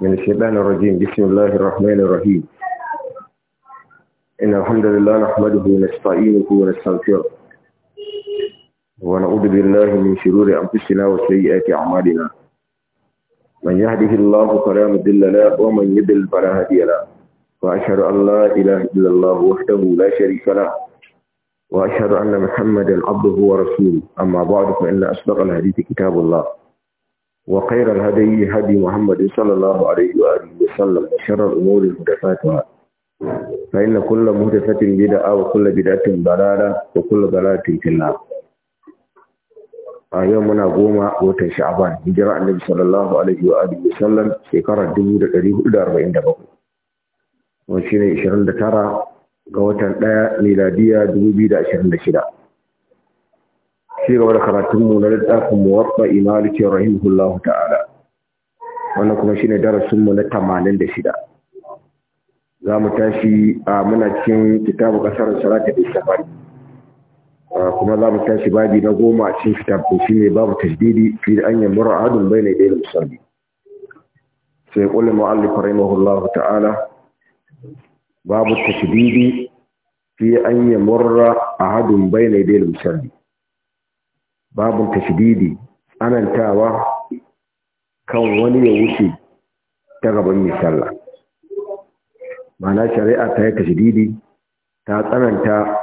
من الشيطان الرجيم بسم الله الرحمن الرحيم إن الحمد لله نحمده ونستعينه ونستغفره ونعوذ بالله من شرور أنفسنا وسيئات أعمالنا من يهده الله فلا مضل له ومن يضل فلا هادي له وأشهد أن لا إله إلا الله وحده لا شريك له وأشهد أن محمدا عبده ورسوله أما بعد فإن أصدق الحديث كتاب الله وخير الهدي هدي محمد صلى الله عليه وآله وسلم وشر الأمور محدثاتها فإن كل محدثة بدعة وكل بدعة ضلالة وكل ضلالة في النار a yau muna goma watan sha'aban hijira annabi sallallahu alaihi wa alihi wasallam shekarar 1447 wani shine 29 ga watan ɗaya miladiya 2026 ci gaba da karatunmu na littafin muwaffa imalikin rahimahullahu ta'ala wannan kuma shine darasinmu na tamanin da shida za mu tashi a muna cikin kitabu kasar sarata da safari kuma za mu tashi babi na goma a cikin kitabu shi ne babu tajdidi fi da an yi adun bai na ɗaya musalli sai kulle mu'allif rahimahullahu ta'ala babu tajdidi fi an yi murra ahadun bai na ɗaya musalli babin tashdidi tsanantawa kan wani ya wuce ta gaban misalla. Mana shari'a ta yi tashdidi ta tsananta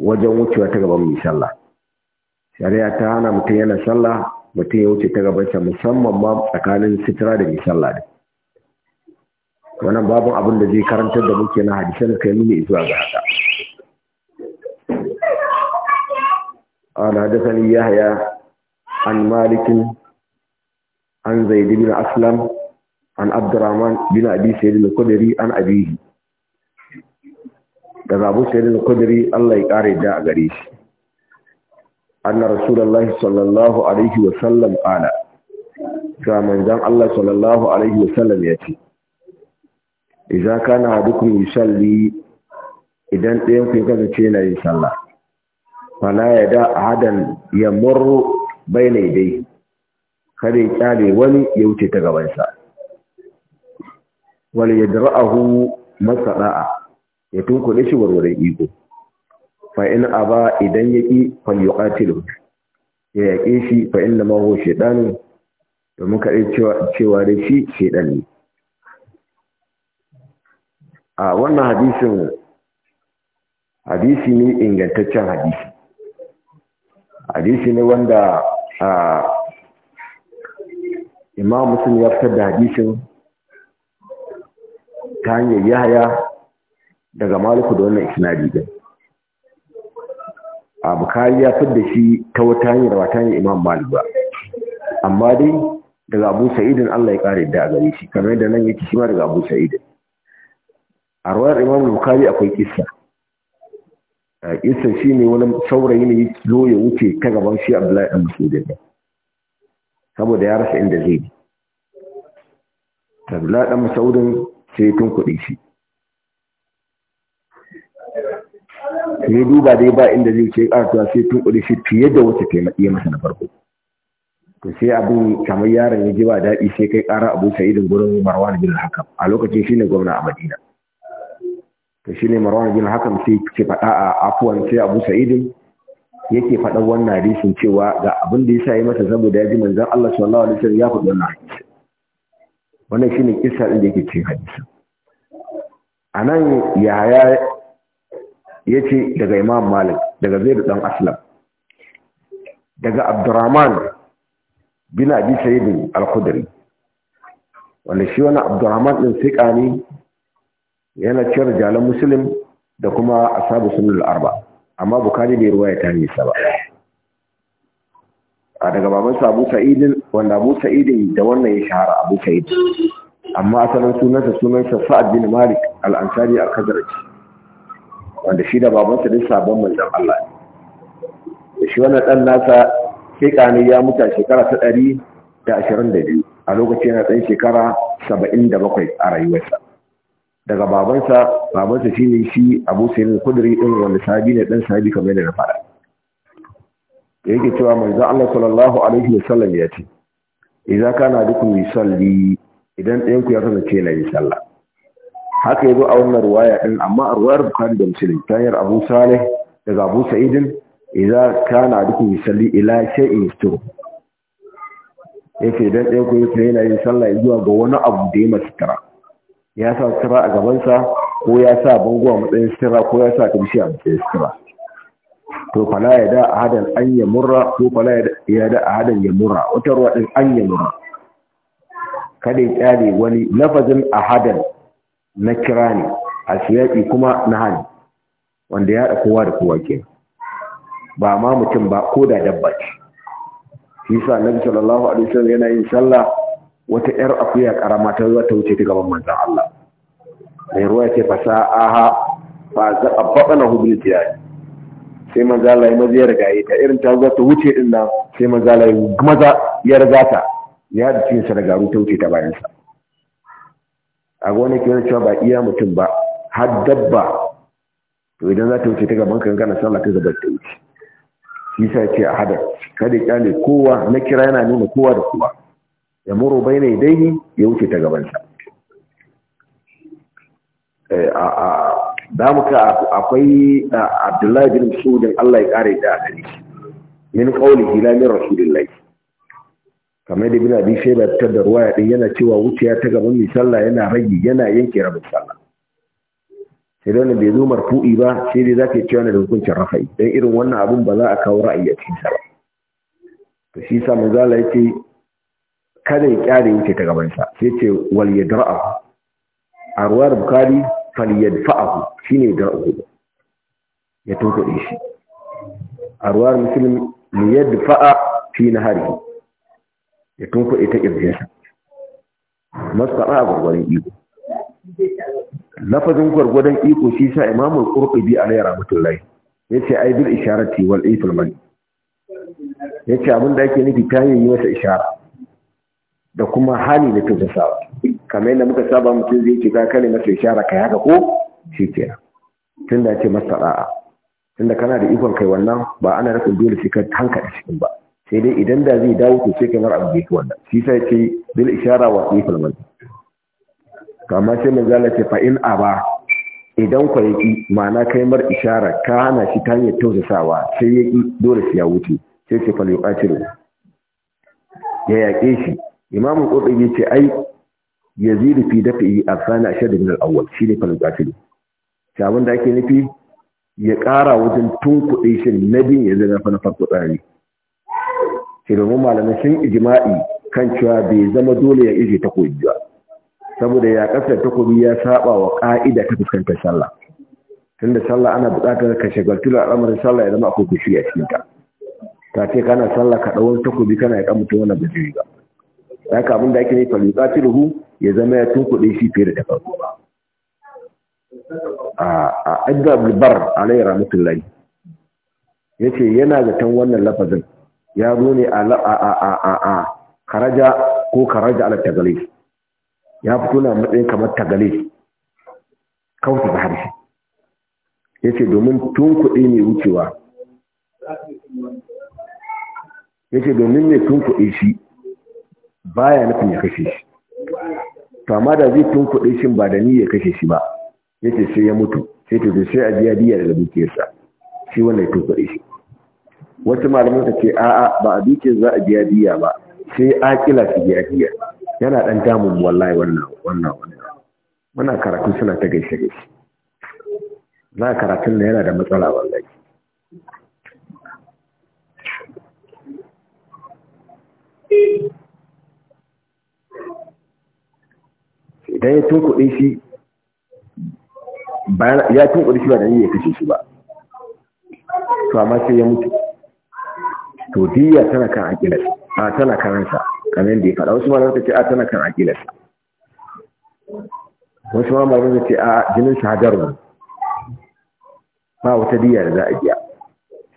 wajen wucewa ta gaban misalla. shari'a ta hana mutum yana sallah mutum ya wuce ta gabansa musamman ma tsakanin sitira da misalla sallah da wannan babin abin da zai karantar da muke na hadisan kai nuni zuwa ga haka قال حدثني يحيى عن مالك عن زيد بن أسلم عن عبد الرحمن بن أبي سيد القدري عن أبيه Da abu sai da kudiri Allah ya kare da a gare shi anna rasulullahi sallallahu alaihi wa sallam qala ga manzon Allah sallallahu alaihi wa sallam yace idza kana hadukum yusalli idan ɗayan ku ya kasance yana yin sallah fala ya da hadan ya marro bai na dai kada ya kyale wani ya wuce ta gabansa wani ya masa masara'a ya tunkuɗe shi warware iko fa'in a ba idan ya ƙi falyuƙatilu ya yaƙe shi fa'in da maho shaɗanin da muka ɗai cewa da shi shaɗan a wannan hadisin hadisi ne ingantaccen hadisi hadisi ne wanda imam muslim ya fitar da hadisin ta hanyar yahaya daga maluku da wannan isnadi din a bukari ya fitar da shi ta wata hanyar ba ta hanyar imam malu ba amma dai daga abu sa'idin allah ya kare da a gare shi kamar yadda nan yake shi ma daga abu sa'idin a ruwan imam bukari akwai kisa. isa shi ne wani saurayi ne zo ya wuce ta gaban shi abdullahi dan masudin ne saboda ya rasa inda zai abdullahi dan masudin sai tun kuɗi shi ne duba dai ba inda zai ce ƙaratuwa sai tun kuɗi shi fiye da wata taimaki masa na farko to sai abin kamar yaron ya ji ba daɗi sai kai ƙara abu sa'idin gurin marwan bin hakam a lokacin shi ne gwamna a madina to ne marwan bin hakan sai ke faɗa a afuwan sai abu sa'idin yake faɗan wannan hadisin cewa ga abin da ya sa yi masa saboda ya ji manzan Allah sallallahu alaihi wasallam ya faɗi wannan hadisi wannan shine kissa din da yake cikin hadisi anan yahaya yace daga imam malik daga zaid dan aslam daga abdurrahman bin abi sayyid al-khudri wanda shi wani abdurrahman din siƙa ne yana cewar jalan musulun da kuma ashabu sunan arba amma bukari bai ya ta nisa ba a daga baban sa Abu Sa'idin wanda Abu Sa'idin da wannan ya shahara Abu sa'idin amma asalin sunansa sunansa Sa'ad bin Malik al'ansari a al wanda shi da baban sa sabon manzan Allah ne shi wannan dan nasa sai kani ya muta shekara ta da da ashirin biyu? a lokacin yana dan shekara saba'in da bakwai a rayuwarsa daga babansa babansa shi ne shi Abu ne kudiri ɗin wanda sahabi ne ɗan sahabi kamar yadda na faɗa yake cewa mai za Allah sallallahu alaihi wasallam ya ce idza kana dukum salli idan ɗayan ku ya ce na yin sallah haka yazo a wannan ruwaya din amma a ruwayar Bukhari da ta tayar Abu Salih daga Abu Sa'id idza kana dukum salli ila shay'in yasturu yake idan ɗayan ku yana yin sallah zuwa ga wani abu da ya masu tara ya sa sira a gabansa ko ya sa bango a matsayin sira ko ya sa kamshi a matsayin sira to fala ya da a hadan an ya murra ko fala ya da a hadan ya murra wata ruwa din an ya murra kada ya kyale wani lafazin ahadan na kira ne a siyaƙi kuma na hali wanda ya haɗa kowa da kowa ke ba ma mutum ba ko da dabba ce shi sa nabi sallallahu alaihi wasallam yana yin sallah wata ƴar akuya ƙarama ta zuwa ta wuce ta gaban manzan Allah. Mai ruwa ce fa aha ba za a faɗa na hubul tiyari. Sai maza Allah ya maza ya riga yi ta irin ta zuwa ta wuce din nan sai maza Allah ya maza ya riga ta ya da cinsa da garu ta wuce ta bayansa. A ga wani kiran cewa ba iya mutum ba har dabba to idan za ta wuce ta gaban kan kana sallah ta zaba ta wuce. Shi sa ce a hada kada kyale kowa na kira yana nuna kowa da kowa. ya muro bai ne daini ya wuce ta gabansa da eh, muka akwai abdullahi bin sudin allah ya kare da adali min kauli hilamin rasulullahi kamar da bin abin shaidar ta da ruwa ɗin yana cewa wuce ta gaban mai sallah yana rage yana yanke rabin sallah sai da bai zo marfu'i ba sai dai za ka yi cewa da hukuncin rafa'i Dan irin wannan abin ba za a kawo ra'ayi a cikin sa ba to shi sa manzala ya ce kada ya kyale wuce ta gabansa sai ce wal yadra'a a ruwar bukari fal yadfa'ahu shine yadra'ahu ya tunkuɗe shi a ruwar muslim li yadfa'a fi nahari ya tunkuɗe ta kirjinsa masara a gwargwaron iko lafazin gwargwadon iko shi sa imamul qurbi alayhi rahmatullahi yace ai bil isharati wal ifal man yace abin da ake nufi ta yi masa isharar da kuma hali da tausasawa kamar yadda muka saba mutum zai ce ka ne masa ishara ka haka ko shi ke tun da ce masa ra'a tun da kana da ikon kai wannan ba ana rasa dole shi ka hanka da cikin ba sai dai idan da zai dawo to sai kamar abu yake wannan shi sai ce bil ishara wa qifal man kama sai mun zala ce fa in ba. idan kwa yaki ma'ana kai mar ishara ka hana shi ta hanyar tausasawa sai yaki dole su ya wuce sai ce fal yuqatilu ya yaƙe shi imam qurtubi ce ai yazid fi dafi afana ashad min al-awwal shine fa al-qatil ta wanda ake nufi ya kara wajen tunkuɗe shi na bin ya zama na farko tsari shi malamai sun ijima'i kan cewa bai zama dole ya ije takobi ba saboda ya kasar takobi ya saba wa ƙa'ida ta fuskantar sallah tunda sallah ana buƙatar ka shagaltu da al'amarin sallah ya zama akwai kushi a cikin ta ta ce kana sallah ka ɗau takobi kana ya mutum wannan ba ba haka abin da ake ne ruhu ya zama ya tunkuɗe shi fiye da dafa a ibn bar alayhi rahmatullahi yace yana zaton wannan lafazin ya zo ne a a a a karaja ko karaja ala tagalif ya fito na matsayin kamar tagalif kautu da harshe yace domin tun kuɗi ne wucewa yace domin ne tun kuɗi shi baya nufin ya kashe shi to amma da zai kuɗi shi ba da niyyar kashe shi ba yace sai ya mutu sai to sai a biya diya daga dukiyarsa shi wanda ya tunkuɗe shi wasu malamin ka ce a'a ba a dukiyar za a biya diya ba sai kila su biya diya yana dan damun wallahi wannan wannan wannan muna karatu suna ta gaishe gaishe Za a karatun na yana da matsala wallahi Thank you. idan ya tunkuɗe shi ya tunkuɗe shi ba da ya kashe shi ba to amma sai ya mutu to diya tana kan aƙilar a tana karansa kamar da ya faɗa wasu malamta ce a tana kan aƙilar wasu malamta ce a jinin shahadar mu ba wata diya da za a biya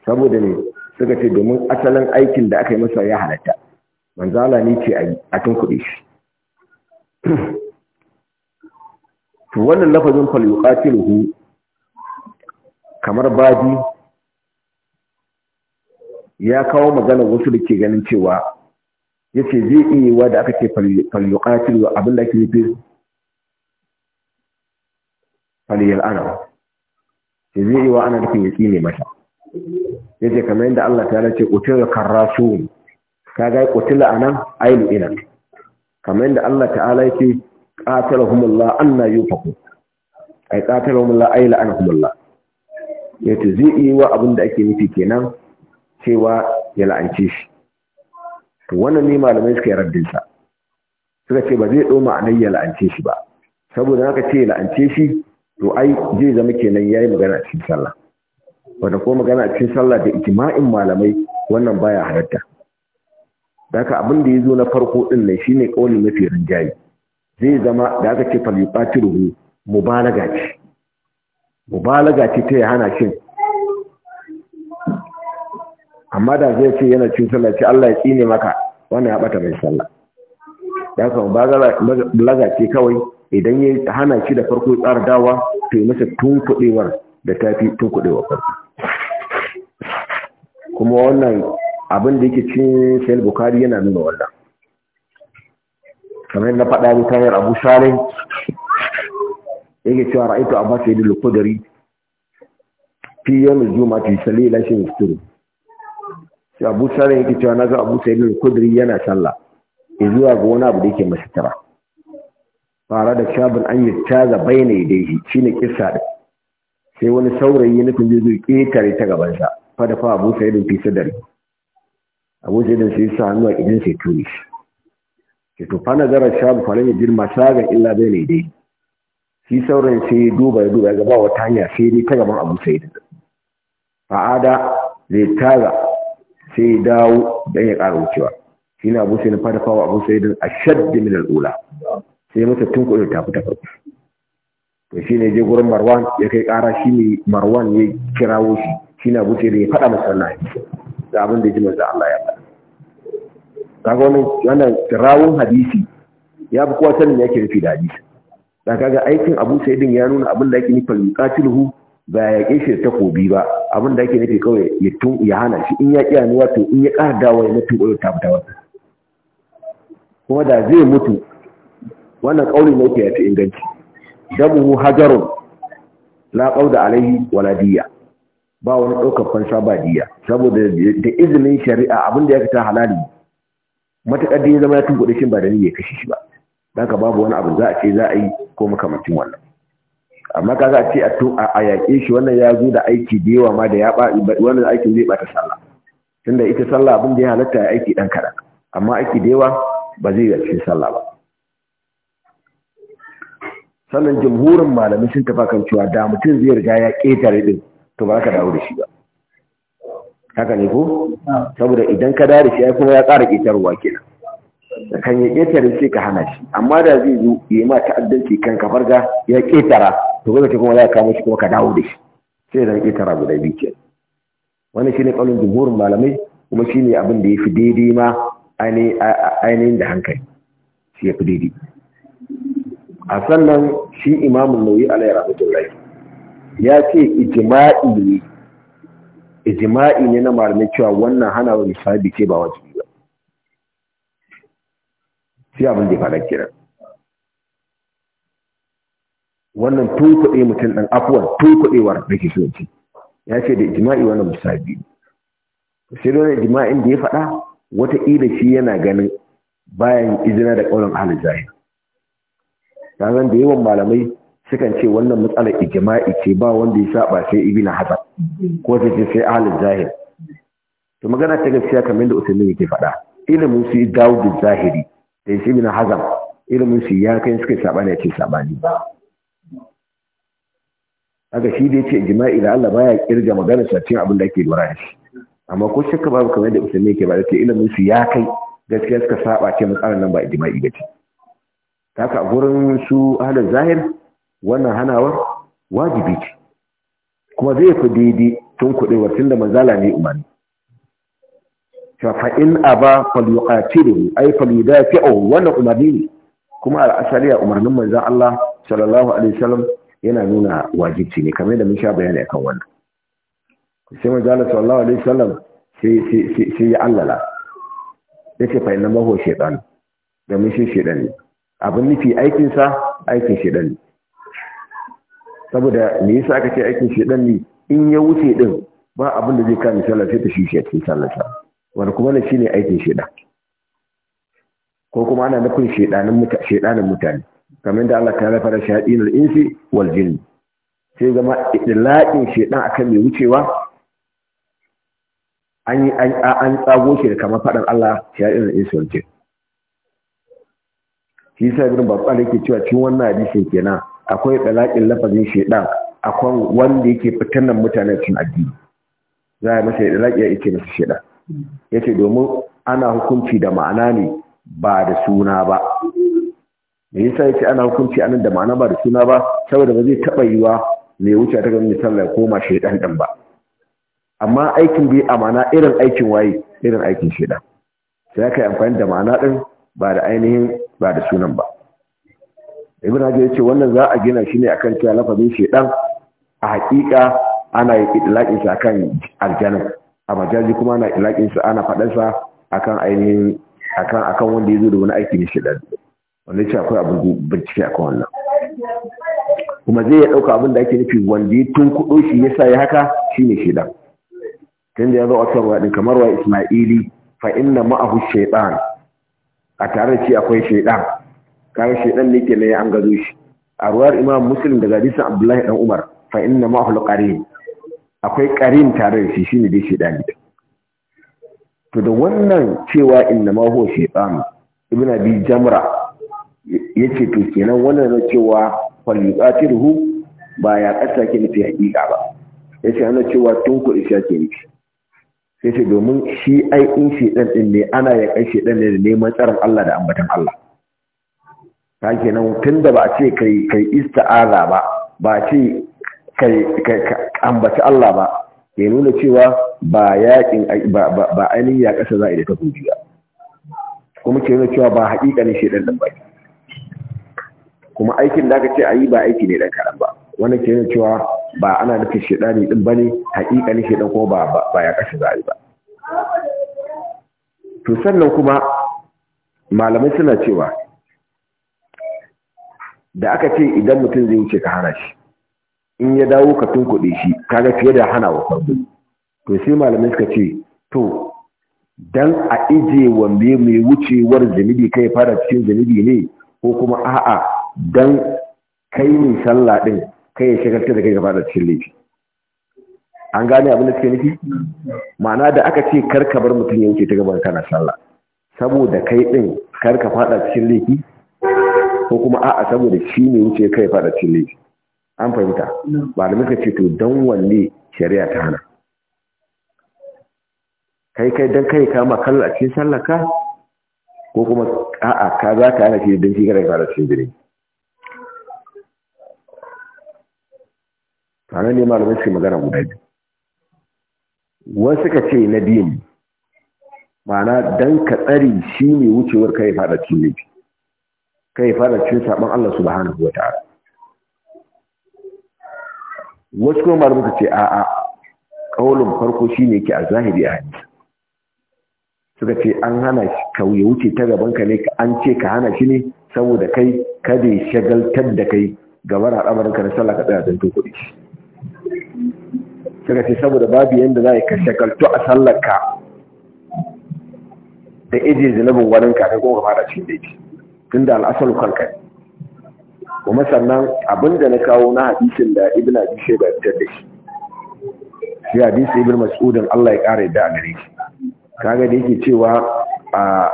saboda ne suka ce domin asalin aikin da aka yi masa ya halatta manzala ne ce a tun kuɗi shi to wannan lafazin fal yuqatiluhu kamar baji ya kawo magana wasu da ke ganin cewa yace zai iya wa da aka ce fal yuqatilu abin da ake nufi fal ce zai iya wa ana nufin yaki ne mata yace kamar yadda Allah ta ce utul karrasu kaga qutila anan ainu ina kamar yadda Allah ta'ala yake qatalahumullah anna yufaku ai qatalahumullah ay la'anahumullah yato zai iya wa abin da ake nufi kenan cewa ya la'ance shi to wannan ne malamai suka yi sa suka ce ba zai ɗau ma'anar ya la'ance shi ba saboda haka ce la'ance shi to ai zai zama kenan yayi magana a cikin sallah wanda ko magana a cikin sallah da ijma'in malamai wannan baya halatta Daka abin da ya zo na farko ɗin ne shine ƙaunin mafi rinjaye zai zama da aka ce falyuqatiluhu mubalaga ce mubalaga ce ta hana shi amma da zai ce yana cin sallah ce Allah ya tsine maka wannan ya bata mai sallah ya kan mubalaga ce kawai idan ya hana shi da farko tsara dawa to yi masa tunkuɗewar da ta fi tunkuɗewar farko kuma wannan abin da yake cin sayar bukari yana nuna wannan kamar na faɗa ne tayar abu sharin yake cewa ra'aitu abbas ya da kudari fi yawon juma fi sali lashin isturu shi abu sharin yake cewa na zo abu da kudari yana sallah zuwa ga wani abu da yake tara fara da shabin an yi caza bayyana da shi ne kisa da sai wani saurayi na zai zuwa ƙetare ta gabansa fa abu da fi sadari abu da sai sa hannu a idan sai tuni shi ke to fa nazarar shabu kwanan ya girma masagan illa ne dai. shi sauran sai ya duba ya duba ya gaba wata hanya sai dai ta gaban abu sai da fa'ada zai taga, sai dawo dan ya ƙara wucewa shi na abu sai na fada fawa abu sai da shaddi min al-ula sai masa tunkuɗe ta fita farko to shi ne je gurin marwan ya kai ƙara shi ne marwan ya kirawo shi shi na abu sai da ya faɗa masa wannan da abin da ya ji manzo Allah ya faɗa kaga wannan wannan rawun hadisi ya fi kowa sanin yake rufe da hadisi da kaga aikin abu sa'idin ya nuna abin da ake nufi ruhu. ba ya yake shi ta kobi ba abin da ake nufi kawai ya tun ya hana shi in ya ni to in ya ƙara dawo ya mutu ko ta fita wata kuma da zai mutu wannan ƙaurin yake ya fi inganci mu hajarun la qauda alaihi wala diya ba wani ɗaukar fansa ba diya saboda da izinin shari'a abin da ya fita halali matuƙar da ya zama ya tunkuɗe shi ba da ni ya kashe shi ba ka babu wani abu za a ce za a yi ko makamancin wannan amma ka za a ce a yaƙe shi wannan ya zo da aiki da yawa ma da ya wannan aikin zai ɓata sallah tunda ita sallah abin da ya halatta ya aiki dan kaɗan amma aiki da yawa ba zai yi sallah ba sannan jamhurin malamai sun tafa kan cewa da mutum zai riga ya ƙetare ɗin, to ba ka dawo da shi ba haka ne ko ah. saboda idan ka dare shi ai kuma ya ƙara ƙetarwa kenan da kan ya ƙetare sai ka hana shi amma da zai zo ya ma ta'addanci kan ka farga ya ƙetara to ce kuma za ka kamo shi kuma ka dawo da shi sai zan ƙetara guda biyu ke wannan shine ƙaunin jumhurin malamai kuma shine abin da ya fi daidai ma ainihin da hankali shi ya fi daidai a sannan shi imamun nauyi alayhi rahmatullahi ya ce ijima'i ne ijma'i ne na malamai cewa wannan hanawa misali ce ba wajibi ba sai abin da ya fara kiran wannan tun kuɗe mutum ɗan afuwar tun kuɗewar da ke soci ya ce da ijma'i wannan misali sai da wani ijma'in da ya faɗa wataƙila shi yana ganin bayan izina da ƙaunar ahalin zahiri ta da yawan malamai sukan ce wannan matsalar ijima'i ce ba wanda ya saba sai ibina hasan ko ta ce sai ahalin zahiri to magana ta gaskiya kamar da usulmi yake faɗa ilimin su dawo da zahiri da shi bin hazam ilimin su ya kai suka sabani ya ce sabani haka shi da ce jima'i da Allah baya kirga magana sa cikin abin da ake lura da shi amma ko shakka babu kamar da usulmi yake faɗa, ce ilimin su ya kai gaskiya suka saba ce matsalar nan ba jima'i ba ce Ta haka gurin su ahalin zahir wannan hanawar wajibi ce kuma zai ku daidai tun kuɗewar tun da manzala ne umarni Shafa'in a ba falyuƙatiru ai falyudafi'u wannan umarni ne kuma al'asari a umarnin manzan Allah sallallahu alaihi wasallam yana nuna wajibci ne kamar da mun sha bayani akan wannan sai manzan Allah sallallahu alaihi wasallam sai ya allala ya ce fa'in na maho da mun shi shaidan ne abin nufi aikinsa aikin shaidan ne saboda me yasa aka ce aikin shedan ne in ya wuce din ba abin da zai kame sallah sai ta shi cikin sallah wanda kuma ne shine aikin shedan ko kuma ana nufin shedanin mutane shedanin mutane kamar da Allah ta rafara al insi wal jinn sai zama idlaqin shedan akan mai wucewa an an tsago shi da kamar fadan Allah al insi wal jinn shi sai ibn babban yake cewa cikin wannan hadisin kenan akwai tsalaƙin lafazin shaidan akwai wanda yake fitanan mutane cin addini za a masa ɗalaƙi ya ce masa shaidan ya ce domin ana hukunci da ma'ana ne ba da suna ba me yasa ya ce ana hukunci anan da ma'ana ba da suna ba saboda ba zai taɓa wa mai wuce ta gani misalla ya koma shaiɗan ɗin ba amma aikin a amana irin aikin waye irin aikin shaiɗa sai aka yi amfani da ma'ana ɗin ba da ainihin ba da sunan ba ibn hajar ya ce wannan za a gina shi ne akan cewa lafazin shedan a hakika ana yi idlaƙin sa akan aljanna a majaji kuma ana ilaƙin sa ana faɗan sa akan ainihin akan akan wanda ya zo da wani aiki ne shedan wanda ya ce akwai abu bincike akan wannan kuma zai ya ɗauka abin da ake nufi wanda ya tunkuɗo shi ya sa ya haka shi shedan tun da ya zo a kan ruwa kamar wa ismaili fa inna ma'ahu shaitan a tare da shi akwai shaitan kaga shedan ne ke ya an gazo shi a ruwar imam muslim daga hadisin abdullahi dan umar fa inna ma hul qarin akwai qarin tare da shi shine dai shedan ne to da wannan cewa inna ma huwa shaytan ibnu abi jamra yace to kenan wannan na cewa fal yuqatiruhu ba ya kasa ke nufi hakika ba yace ana cewa tun ku isha ke nufi sai ce domin shi ai in shedan din ne ana ya kai shedan ne da neman tsaron Allah da ambatan Allah ta kenan tun da ba a ce kai ista'aza ba ba a ce kai ambaci Allah ba ya nuna cewa ba yaƙin ba ainihin ya ƙasa yi da ta kuji ba kuma ke nuna cewa ba haƙiƙanin shaidan ɗan ba kuma aikin da aka ce a yi ba aiki ne ɗan kaɗan ba wani ke nuna cewa ba ana nufin shaidani ɗin ba ne haƙiƙanin shaidan ko ba ya ƙasa yi ba to sannan kuma malamai suna cewa da aka ce idan mutum zai wuce ka hana shi in ya dawo ka kuɗi shi kaga fiye da hana wa farko to sai malamai suka ce to dan a ije wambe mai wucewar ka kai fara cikin zanibi ne ko kuma a'a dan kai ne sallah din kai ya shagaltar da kai gaba da cikin laifi an gane abin da suke nufi ma'ana da aka ce kar ka bar mutum ya wuce ta gaban kana sallah saboda kai din kar ka fada cikin laifi ko kuma a'a saboda shi ne wuce kai fada cin laifi an fahimta ba da muka ce to don wanne shari'a ta hana kai kai don kai kama kallon a cikin sallaka ko kuma a'a ka za ka hana shi don shi kai fada cin jini tare ne malamai suke magana guda biyu wasu suka ce na biyu ma'ana don ka tsari shi ne wucewar kai fada cin laifi kai fara cin saban Allah subhanahu wa ta'ala wasu kuma malamu ce a'a ƙaunin farko shi ne ke a zahiri a hannu suka ce an hana shi wuce ta gaban ka ne an ce ka hana shi ne saboda kai kada ya shagaltar da kai gabar al'amarin ka na sallah ka tsaya kuɗi suka ce saboda babu yadda za ka shagaltu a sallar ka da ije zinabin wanin ka kai kuma ka fara cikin daidai tunda al'asalu kanka kuma sannan abinda na kawo na hadisin da ibn bishe ba fitar da shi shi hadisi ibn mas'udin Allah ya yadda a gare shi kaga da yake cewa a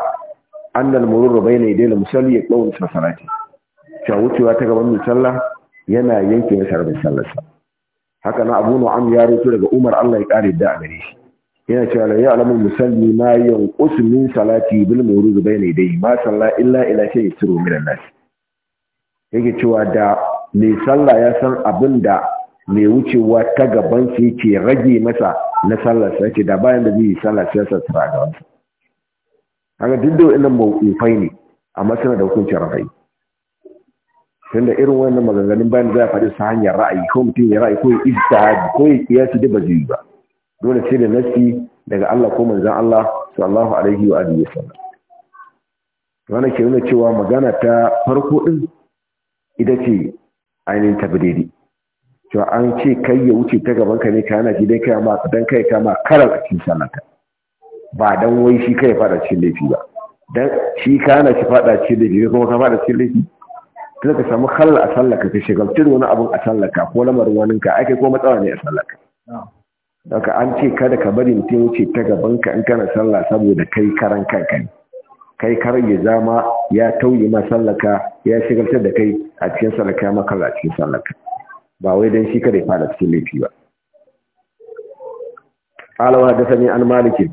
annal mururu bayna yadayil musalli yaqulu salati ta wucewa ta gaban musalla yana yanke sarabin rabin sallarsa haka na abu nu'am ya rutu daga umar Allah ya yadda a gare shi yana cewa la ya'lamu musalli ma yanqus min salati bil murud bayna yadayhi ma salla illa ila shay yasiru min an-nas yake cewa da mai sallah ya san abin da mai wucewa ta gaban sa yake rage masa na sallar sa yake da bayan da zai yi sallah sai sa tsara ga wani kaga duk ina wannan ne a masana da hukuncin ra'ayi tunda irin wannan maganganun bayan da za a faɗi su hanyar ra'ayi ko mutum ya ra'ayi ko ya ko ya kiyasi da ba zai yi ba dole sai da nasi daga Allah ko manzan Allah sallallahu alaihi wa alihi wasallam wannan ke nuna cewa magana ta farko din ita ce ainihin ta daidai cewa an ce kai ya wuce ta gaban ka ne ka yana gidan kai amma dan kai ka ma karar a cikin sallata ba dan wai shi kai fada cikin laifi ba dan shi ka yana shi fada cikin laifi kuma ka fada cikin laifi kada ka samu halal a sallaka ka tun wani abun a sallaka ko lamarin waninka ai kai ko matsala ne a sallaka daga an ce kada ka bari mutum wuce ta ka in kana sallah saboda kai karan kanka ne kai karan ya zama ya tauye ma sallaka ya shigartar da kai a cikin sallaka ya a cikin sallaka ba wai dan shi kada ya fara cikin laifi ba قال da an an عن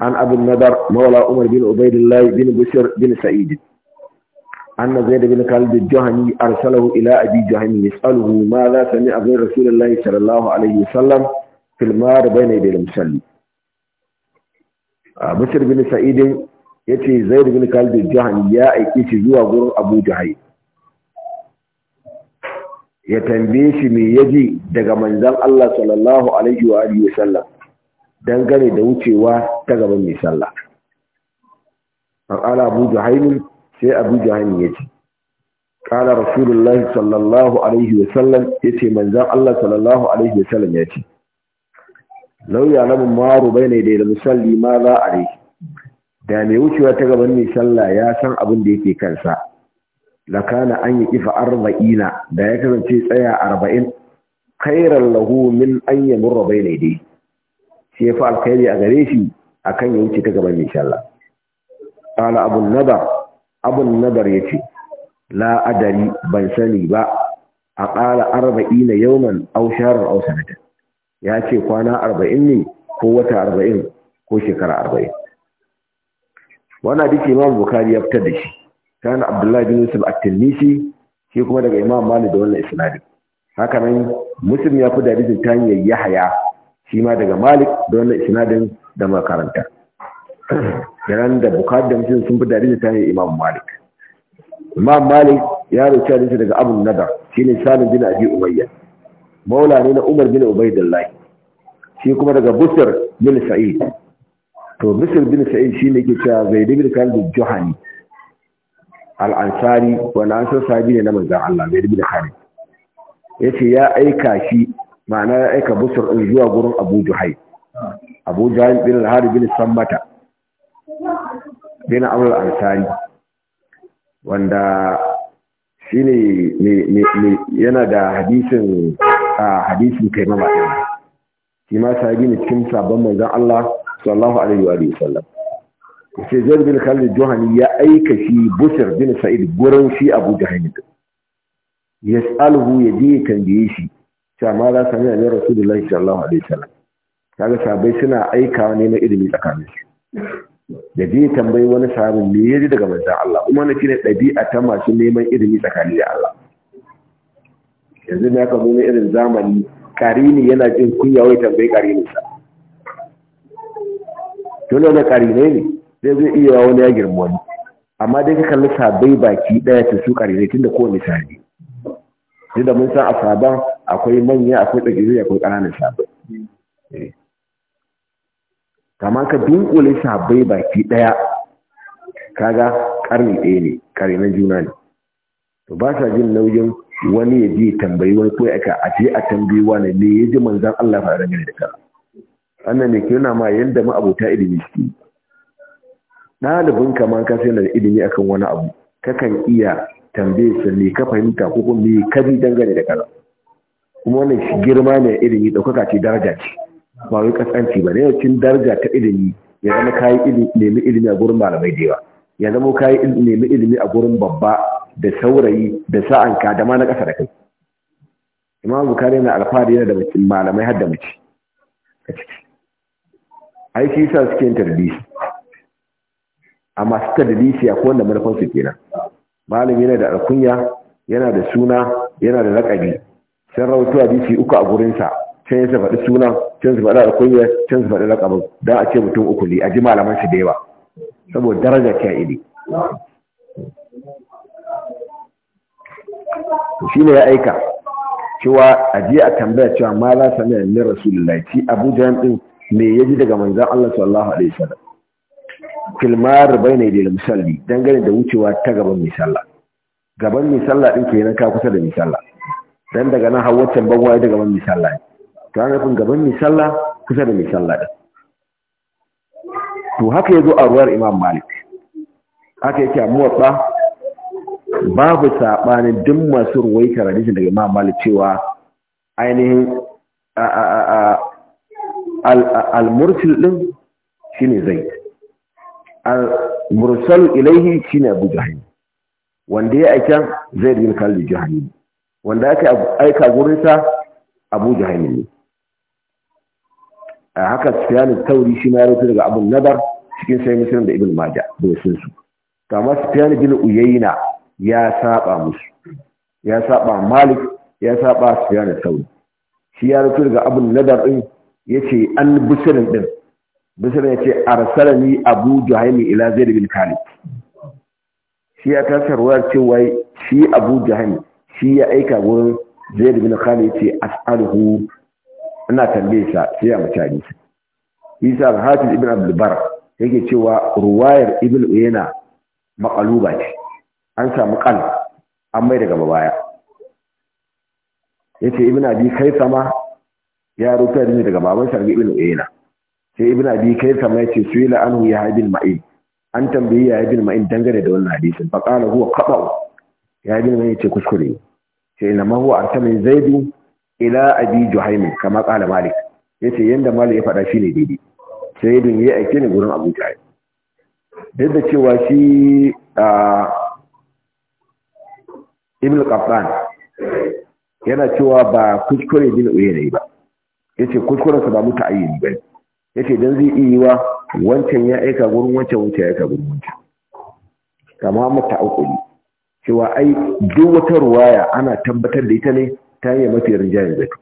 An abin nadar عمر Umar bin الله bin بشر bin sa'id أن زيد بن خالد الجهني أرسله إلى أبي جهني يسأله ماذا سمع من رسول الله صلى الله عليه وسلم في المار بين يدي المصلي بشر بن سعيد yace Zaid bin Khalid jahani ya aike shi zuwa gurin Abu ya tambaye shi me yaji daga manzon Allah sallallahu alaihi wa alihi wasallam dangane da wucewa ta gaba mai sallah fa Abu Jahai sai abu jahani ya ce ƙara rasulullahi sallallahu alaihi wasallam ya ce manzan allah sallallahu alaihi wasallam ya ce lauya na maru bai ne da musalli ma za a rai da mai wucewa ta gaban mai sallah ya san abin da yake kansa lakana an yi kifa arba'ina da ya kasance tsaya arba'in khairan lahu min an yi murra bai ne dai shi ya fi alkhairi a gare shi akan ya wuce ta gaban mai sallah قال أبو abun nadar ya ce la adari ban sani ba a ƙara arba'i na yawman au sharar au sanata ya ce kwana arba'in ne ko wata arba'in ko shekara arba'in wana hadisi imam bukari ya fitar da shi ta yana abdullahi bin yusuf a tilmisi shi kuma daga imam mali da wannan isnadi haka nan ya fi da hadisin ta hanyar yahaya shi ma daga malik da wannan isnadin da makaranta ran da bukari da mutum sun fi da da tare imam malik imam malik ya rauci hadisi daga abu nadar shi ne salim bin abi umayya maula ne na umar bin ubaidullahi shi kuma daga busir bin sa'id to busir bin sa'id shi ne ke cewa zai da khalid juhani al'ansari wani an san sabi ne na manzan Allah zai da khalid ya ce ya aika shi ma'ana ya aika busar busir zuwa gurin abu juhai abu juhai bin al-hari bin sammata bin Abdul ansari wanda shine ne yana da hadisin a hadisin ma ɗin shi ma sahabi ne cikin sabon manzon Allah sallallahu alaihi wa sallam ce Zaid bin khalid johani ya aika shi busir bin sa'id gurin shi abu jahani ya tsalhu ya je tambaye shi cewa ma za sami ne rasulullahi sallallahu alaihi wa sallam kaga sabai suna aikawa neman ilimi tsakaninsu da je tambayi wani sahabin me yaji daga manzan Allah kuma na shine ɗabi'a ta masu neman ilimi tsakani da Allah yanzu na ka zo irin zamani karini yana jin kunya wai tambayi karinin sa dole da karinai ne zai zai iya wani ya girma wani amma dai ka kalli sabai baki daya ta su karinai tun da kowane sahabi duk da mun san a sabon akwai manya akwai tsagirai akwai ƙananan sabai eh. kama ka dunkule sahabbai baki daya kaga karni ɗaya ne kare na juna ne to ba sa jin nauyin wani ya je tambayi wani ko aka a ce a tambayi wani ne ya ji manzan Allah fara gani da kaza wannan ne ke nuna ma yanda ma abota ilimi suke ɗalibin kama ka sai da ilimi akan wani abu ka kan iya tambaye su ne ka fahimta ko kuma me ka bi dangane da kaza kuma wannan girma ne ilimi ɗaukaka ce daraja ce ba wai kasanci ba ne yawancin daraja ta ilimi ya zama kayi nemi ilimi a gurin malamai da yawa ya zama kayi nemi ilimi a gurin babba da saurayi da sa'anka da ma na ƙasa da kai imam bukari yana alfahari yana da mutum malamai har da mace a ciki ai shi yasa suke yin tarbiyya amma su tarbiyya ko wanda manufan su kenan malami yana da alkunya yana da suna yana da laƙabi sun rawaito hadisi uku a gurinsa can yi faɗi suna can su faɗi alkunya can su faɗi lakabin don a ce mutum uku ne a ji malaman shi da yawa saboda daraja ta ili shi ne ya aika cewa a ji a tambaya cewa ma za su mai ne rasulullahi ci Abuja jahan me ya ji daga manzan Allah sallallahu alaihi wasallam filmar bai ne da misalli dangane da wucewa ta gaban misalla gaban misalla din kenan ka kusa da misalla dan daga nan har wancan banwaye da gaban misalla ne ta nufin gaban mai sallah kusa da mai sallah ɗin to haka ya zo a ruwar imam malik haka yake a ba, babu saɓanin duk masu ruwaitar hadisin daga imam malik cewa ainihin al-mursil ɗin shi ne zai al-mursal ilaihi shi ne abu jahani wanda ya aika zai bin kalli jahani wanda aka aika gurinsa abu jahani ne haka Sufyan Tauri shi ma rawaito daga Abu Nadar cikin sai Muslim da Ibn Majah da wasu su to amma Sufyan bin Uyayna ya saba musu ya saba Malik ya saba Sufyan Tauri shi ya rawaito daga Abu Nadar din yace an busirin din ya ce arsalani Abu Juhaym ila Zaid bin Khalid shi ya tasarwa cewa shi Abu Juhaym shi ya aika gurin Zaid bin Khalid yace as'aluhu ina tambaye sa sai ya mutu hadisi isa hafiz ibn abdul bar yake cewa ruwayar ibn uyana maqaluba ce an samu kal an mai daga baya yace ibn abi sama ya rufe ne daga baban sa ibn uyana sai ibn abi sama yace suila anhu ya habil ma'in an tambayi ya habil ma'in dangane da wannan hadisin fa qala huwa qata'u ya habil ma'in yace kuskure sai inma huwa artamin zaidi ila abi juhaimi kama kala malik yace yanda malik ya faɗa shine daidai sai din yayi aike ne gurin abu jai duk da cewa shi a ibn qattan yana cewa ba kuskure din uye ne ba yace kuskure sa ba muta ayyani ba yace dan zai iya yiwa wancan ya aika gurin wancan wancan ya aika gurin wancan kama mata aukuli cewa ai duk wata ruwaya ana tabbatar da ita ne ta yi mafi rinjayen zato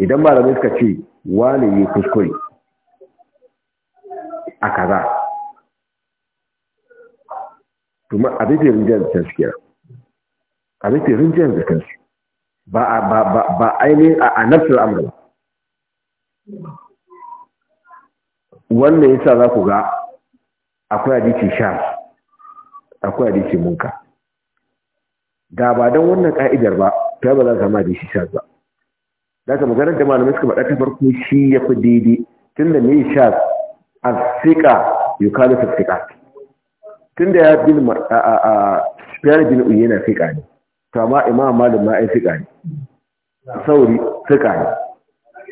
idan malamai suka ce wane yi kuskure a kaza kuma a mafi rinjayen zaton su kira a mafi rinjayen zaton su ba ainihin a nafsar amurka wannan yasa za ku ga akwai hadisi sha akwai hadisi munka da ba don wannan ka'idar ba ta ba za ka ma da shi sha ba da ka maganar da malamai suka faɗa ta farko shi ya fi daidai tun da mai sha a siƙa yukalu ta siƙa tun da ya bin fiyar bin uyi na siƙa ne to amma imam malam ma ai siƙa ne sauri siƙa ne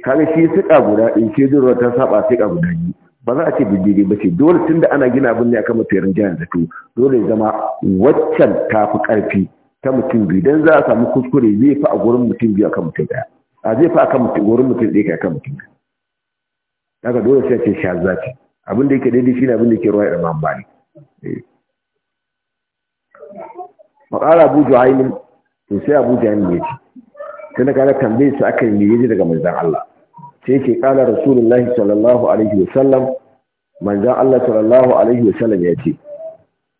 kaga shi siƙa guda in ce zuwa ta saba siƙa guda ne ba za a ce daidai ba ce dole tun da ana gina abin ne kan mafi jihar zato dole zama waccan ta fi ƙarfi ta mutum biyu don za a samu kuskure zai fi a gurin mutum biyu akan mutum ɗaya a zai fi akan mutum gurin mutum ɗaya kai akan mutum ɗaya daga dole sai ce shazza ce abin da yake daidai ne abin da yake ruwa imam malik maƙala eh. abu juhaimin to sai abu juhaimin ya ce sai na kada tambayi su aka yi yaji daga manzan Allah sai yake kala rasulullahi sallallahu alaihi wa sallam manzan Allah sallallahu alaihi wa sallam ya ce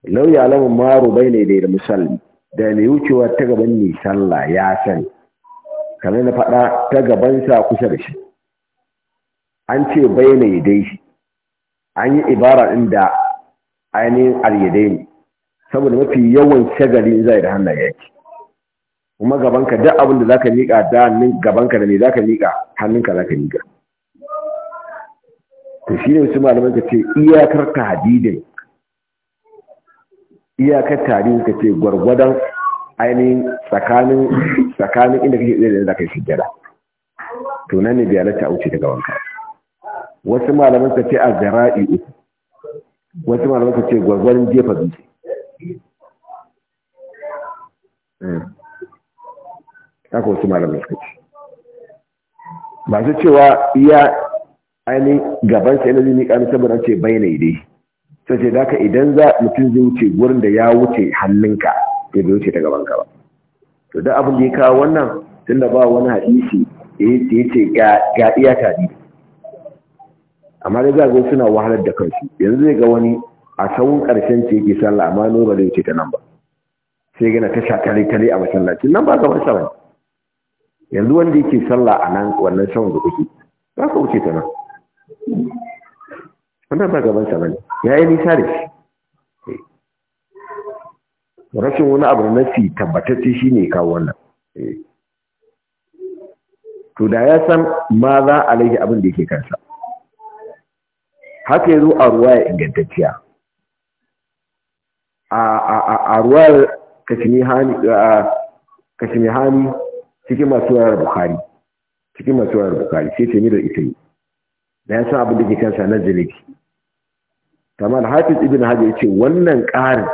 lau ya alamu maru bai ne da musallin da mai wucewa ta gaban ne sallah ya sani kamar na faɗa ta gaban sa kusa da shi an ce bayyana yadai shi an yi ibara inda da ainihin alyadai ne saboda mafi yawan shagali zai da hannaye yake kuma gabanka duk abin da zaka miƙa da hannun gabanka da me zaka miƙa hannunka zaka miƙa to shi ne wasu malaman ka ce iyakar tahdidin iyakar tarihi ka ce gwargwadon ainihin tsakanin tsakanin inda kake tsaye da kai sujjada to nan ne biyalar ta wuce daga wanka wasu malaman ka ce a zara'i uku wasu malaman ka ce gwargwadon jefa zuci hmm. haka wasu malaman suka ce masu cewa iya ainihin gaban yana zini kanu saboda ce bai na idai sai ce da idan za mutum zai wuce gurin da ya wuce hannunka sai bai wuce ta gaban ka ba to da abin da ya kawo wannan tun da ba wani hadisi da ya ce ga iya tadi amma da zago suna wahalar da kansu yanzu zai ga wani a sauran karshen ce yake sallah amma nuna ba zai wuce ta nan ba sai gina ta sha tare tare a masallaci nan ba gaban sa ba yanzu wanda yake sallah a nan wannan sawun da kuke ba ka wuce ta nan wannan ba gaban sa ba ne ya yi nisa da shi eh. rashin wani abu na fi tabbatacce shi ne kawo wannan eh. to da ya san ma za a laifi abin da yake kansa haka ya zo a ruwa ya ingantacciya a ruwayar kashimihani cikin masu yawar bukari cikin masu yawar bukari sai ce ni da ita yi da ya san abin da ke kansa na ziriki kamar hafiz ibn hajar ya ce wannan ƙarin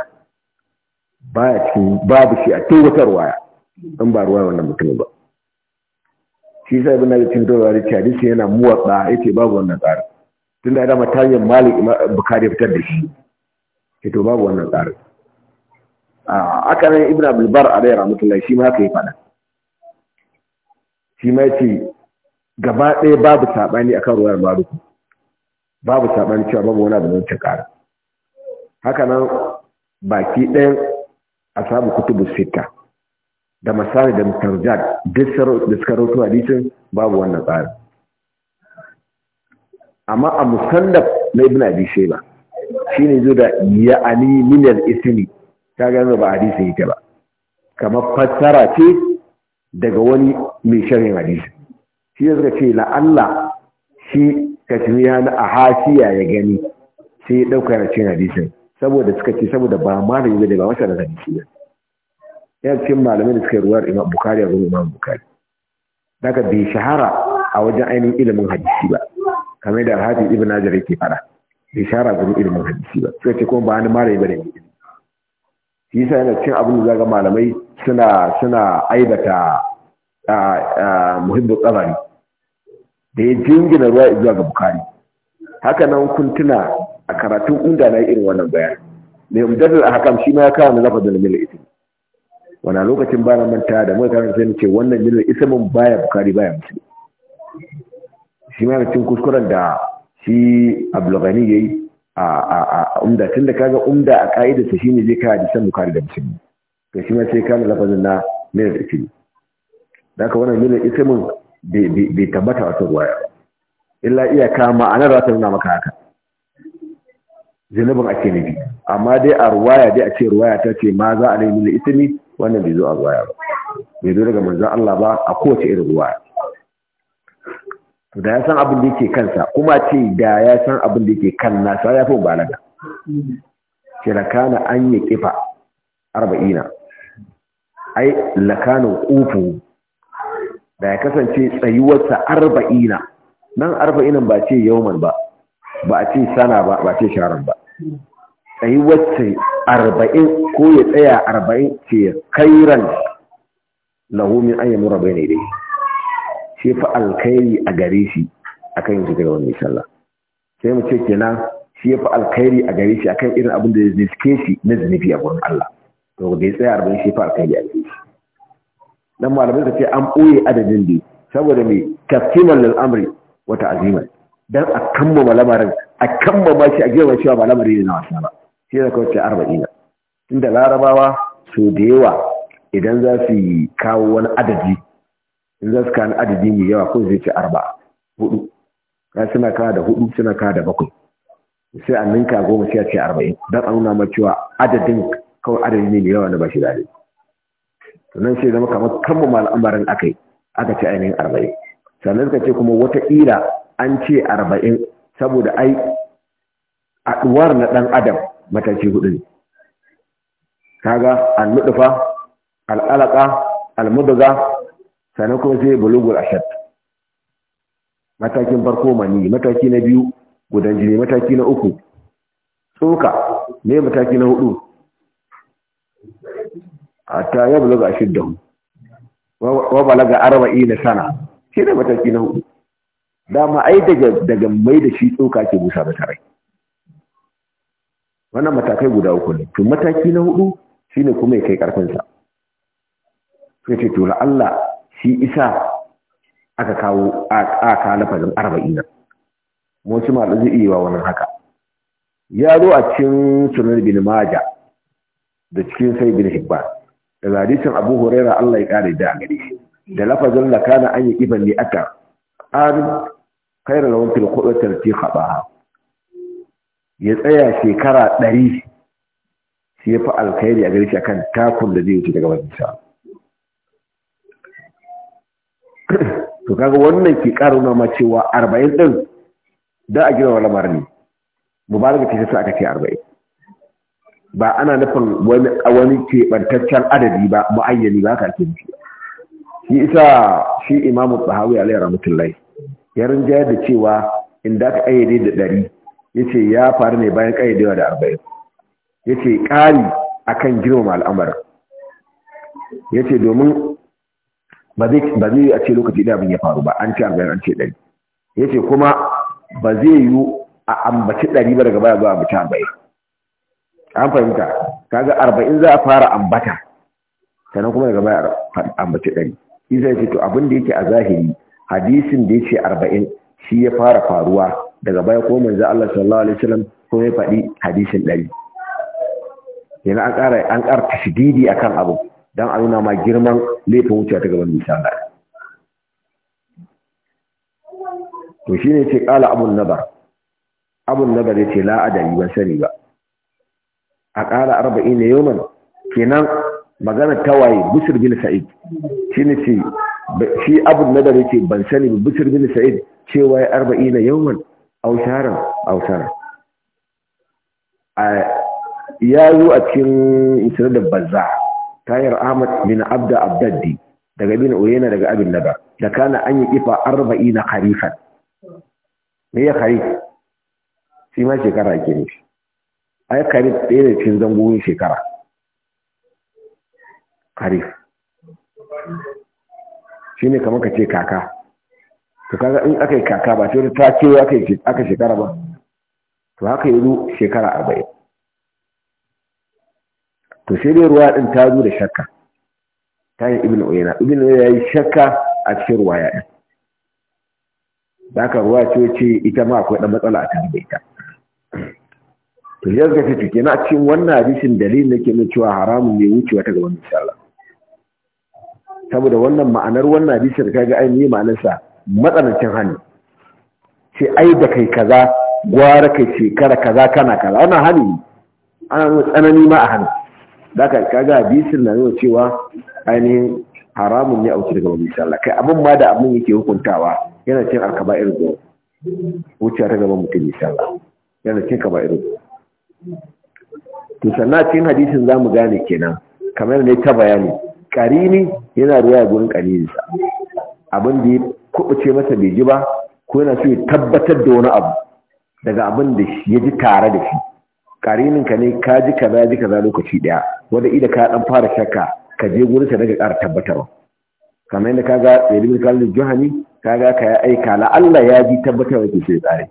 baya cikin babu shi a tewatar waya in ba ruwa wannan mutumin ba shi sai ibn hajar cin dora da shi yana muwatsa ya ce babu wannan ƙarin tun da dama ta yin malik bukari fitar da shi ke to babu wannan ƙarin aka nan ibn abulbar a rayar rahmatullahi shi ma haka yi faɗa shi ma ya ce gaba ɗaya babu saɓani akan babu saɓani cewa babu wani abu da ƙara haka nan baki ɗayan a samu kutubu sita da masani da mutarjad da suka rautu hadisin babu wannan tsarin amma a musallaf na ibn abi shi shine zo da ya ali min al ta gano ba hadisi yake ba kamar fassara ce daga wani mai sharhin hadisi shi ya suka ce la'alla Allah shi tasmiya na a hasiya ya gani sai ya ɗauka yana cin hadisin saboda suka ce saboda ba malami bane ba masa da hadisi ba yana cikin malamai da suka yi ruwar imam bukari a ruwan imam bukari daga bai shahara a wajen ainihin ilimin hadisi ba kamar da alhaji ibn hajar yake fara bai shahara gurin ilimin hadisi ba suka ce kuma ba wani malami bane shi yasa yana cin abin da zaga malamai suna suna aibata muhimmin tsabari da ya jingina ruwa zuwa ga bukari haka nan kun tuna a karatun inda na yi irin wannan bayan da yamdar a hakan shi ma ya kawo na da mil ismi wana lokacin ba na manta da muka karar sai ce wannan mil mun baya bukari baya muslim shi ma cin kuskuren da shi abdulghani ya yi a a umda da kaga umda a kaidar sa shine zai kawo hadisan bukari da muslim to shi ma sai kawo lafazin na mil ismi da ka wannan mil ismin bai tabbata wata ruwaya ba illa kama a za ta nuna maka haka zinubin ake nufi amma dai a ruwaya dai a ce ruwaya ta ce ma za a nai mini itini wannan bai zo a ruwaya ba bai zo daga manzan Allah ba a kowace irin ruwaya da ya san abin da yake kansa kuma ce da ya san abin da yake kan nasa ya fi balaga shirakana an yi kifa arba'ina ai lakanin kufu da ya kasance tsayuwarsa arba'ina nan arba'inan ba ce yauman ba ba a ce sana ba ba ce sharan ba tsayuwarsa arba'in ko ya tsaya arba'in ce kairan lahumin an yi mura bai ne dai ce fa alkhairi a gare shi akan yin shiga wani sallah sai mu ce kenan shi ya fi alkhairi a gare shi akan irin abin da ya ziske shi na zunubi a gurin Allah to da ya tsaya arba'in shi fa alkhairi a gare dan malamai suka ce an boye adadin da saboda me tafsiman lil amri wa ta'ziman dan a kammama lamarin a kammama shi a girma cewa ba lamari ne na wasa ba shi da kawai ce arba'ina da larabawa so da yawa idan za su kawo wani adadi in za su kawo adadi mai yawa ko zai ce arba'a hudu ka suna kawo da hudu suna kawo da bakwai sai a ninka goma sai a ce arba'in don a nuna ma cewa adadin kawai adadi ne mai yawa na ba shi da adadi nan sai zama kamar ma al'amarin aka yi aka ce ainihin arba'in sannan suka ce kuma wataƙila an ce arba'in saboda ai aɗuwar na ɗan adam mataki hudu ne kaga al-mudufa al alaka al-mudaga sannan kuma sai bulugul ashad matakin farko mani mataki na biyu gudan jini mataki na uku tsoka ne mataki na hudu hatta ya shidda hu wa balaga arba'ina sana shi ne mataki na hudu dama ai daga daga mai da shi tsoka ke busa da tarai wannan matakai guda uku ne to mataki na hudu shine kuma ya kai karfin sa sai ce to Allah shi isa aka kawo aka lafazin arba'ina shi ma zai iya wannan haka ya zo a cikin sunan bin maja da cikin sai bin hibban Da abu huraira Allah ya kare da gari da lafazin da kana an yi ibn ne aka an khairu lawan fil tarfi haɓa ya tsaya shekara ɗari shi fi alkhairi a gare shi akan takun da zai wuce daga wani sa to kaga wannan ke karuna nama cewa arba'in ɗin, da a gina wa lamarin mubaraka ce sa aka ce arba'in ba ana nufin wani keɓantaccen adadi ba mu'ayyani ba ka ke nufi shi isa shi imamu tsahawi alayhi rahmatullahi ya rinja da cewa inda ka ayyade da ɗari ya ce ya faru ne bayan ƙayyadewa da arba'in ya ce ƙari a kan girmama al'amarin ya ce domin ba zai yi a ce lokaci ɗaya abin ya faru ba an ce arba'in an ce ɗari ya ce kuma ba zai yi a ambaci ɗari ba daga baya zuwa ambaci arba'in an fahimta kaga arba'in za a fara ambata sannan kuma daga baya ambata ɗari isa ce to abin da yake a zahiri hadisin da ya arba'in shi ya fara faruwa daga baya ko manzo Allah sallallahu alaihi wasallam ko ya faɗi hadisin ɗari yana an ƙara an ƙara tashdidi akan abu dan a nuna ma girman laifin wuce ta gaban misali to shine ce qala abun nabar abun nabar yace la adari ban sani ba a ƙara arba'in na yawman kenan magana ta waye busir bin sa'id shi ne ce shi abu da ce ban sani ba busir bin sa'id cewa waye arba'in na man ausharan ausharan ya zo a cikin isra da bazza tayar ahmad bin abda abdaddi daga bin oyena daga abin nadar da kana an yi kifa arba'in na harifan me ya harif shi ma shekara ke nufi ai karif ɗaya da cikin zangoyin shekara karif shi ne kamar ka ce kaka to kaga in aka yi kaka ba sai ta ce aka shekara ba to haka yi ru shekara arba'in to sai dai ruwa ɗin ta zo da shakka ta yi ibn na, ibn uyana ya yi shakka a cikin ruwa ya ɗin da aka ruwa ce ce ita ma akwai ɗan matsala a tare da ita to ya zaka fito kenan a cikin wannan hadisin dalilin nake nuna cewa haramun ne wucewa ta gaban insha saboda wannan ma'anar wannan hadisin da kaga ma'anar sa matsanancin hani sai ai da kai kaza gwara kai shekara kaza kana kaza wannan hani ana nuna tsanani ma a hani da ka kaga hadisin na nuna cewa ainihin haramun ne a wuce daga wani sallah kai abin ma da abin yake hukuntawa yana cin alkaba irin wuce ta gaban mutum sallah yana cin kaba irin to sannan cikin hadisin za mu gane kenan kamar ne ta bayani karini yana ruwa gurin ƙarininsa abin da ya kubuce masa bai ji ba ko yana so ya tabbatar da wani abu daga abin da ya ji tare da shi ƙarinin ka ne ka ji kaza ji kaza lokaci daya wanda ida ka dan fara shakka ka je gurin sa daga ƙara tabbatarwa kamar yadda kaga ibn kalil ka kaga ka ya aika la Allah ya ji tabbatarwa ke sai tsare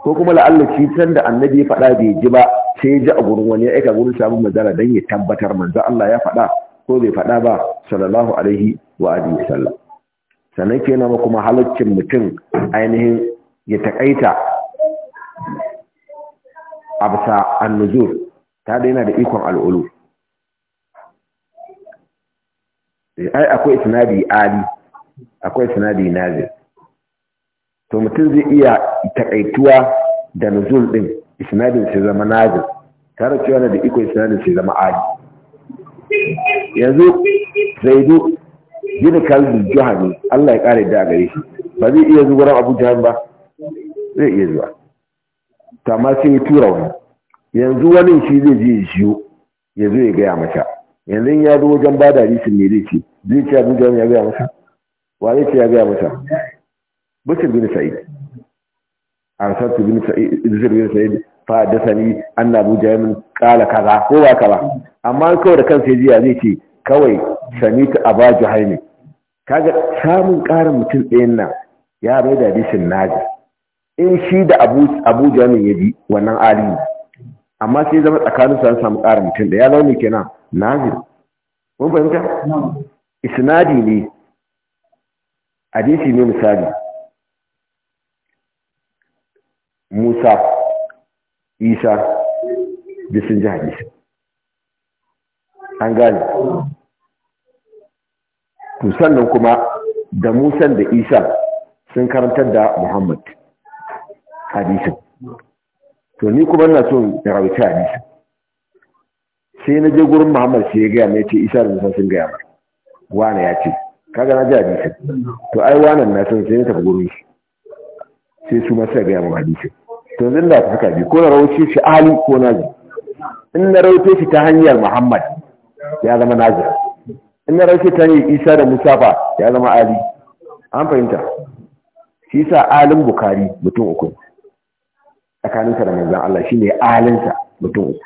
ko kuma la'alla shi can da annabi ya faɗa bai ji ba sai ya ji a gurin wani ya aika gurin sabon mazara don ya tabbatar manzo Allah ya faɗa ko bai faɗa ba sallallahu alaihi wa alihi sallam sannan kenan kuma halaccin mutum ainihin ya takaita absa annuzur ta ta yana da ikon al'ulu eh, ai akwai sinadi ali akwai sinadi nazir to mutum zai iya takaituwa da nuzul din isnadin sai zama nazil tare cewa da iko isnadin sai zama ali yanzu zaidu bin kalbi juhani Allah ya kare da gare shi ba zai iya zuwa Abu Jahan ba zai iya zuwa to amma sai ya tura wani yanzu wani shi zai je shiyo ya zo ya gaya mata. yanzu ya zo wajen bada hadisin ne zai ce zai ce Abu Jahan ya gaya mata? wa zai ce ya gaya mata? بشر بن سعيد عن سعد بن سعيد بشر بن سعيد فحدثني أن أبو جهم قال كذا هو كذا أما كو da kansa yaji ya ji ce kawai sami ta aba juhaimi kaga samun ƙarin mutum ɗayan nan ya bai da hadisin naji in shi da abu abu ya ji wannan aliyu amma sai zama tsakanin su samu ƙarin mutum da ya zama ne kenan nazir mun fahimta isnadi ne hadisi ne misali musa isa da sun ji hadisi an gane to sannan kuma da Musa da isa sun karantar da muhammad hadisi. to ni kuma na son da rawaita hadisi. sai na je gurin muhammad sai ya gaya mai ce isa da musa sun gaya mai wane ya ce kaga na ji hadisi. to ai wanan na sun sai na tafi gurin shi sai su masu gaya mai hadisi. to zan da ta haka bi ko na rawace shi ali ko nazir in na rawace shi ta hanyar muhammad ya zama nazir in na rawace ta hanyar isa da musafa ya zama ali an fahimta shi sa alin bukari mutum uku tsakaninsa da manzan Allah shi ne alinsa mutum uku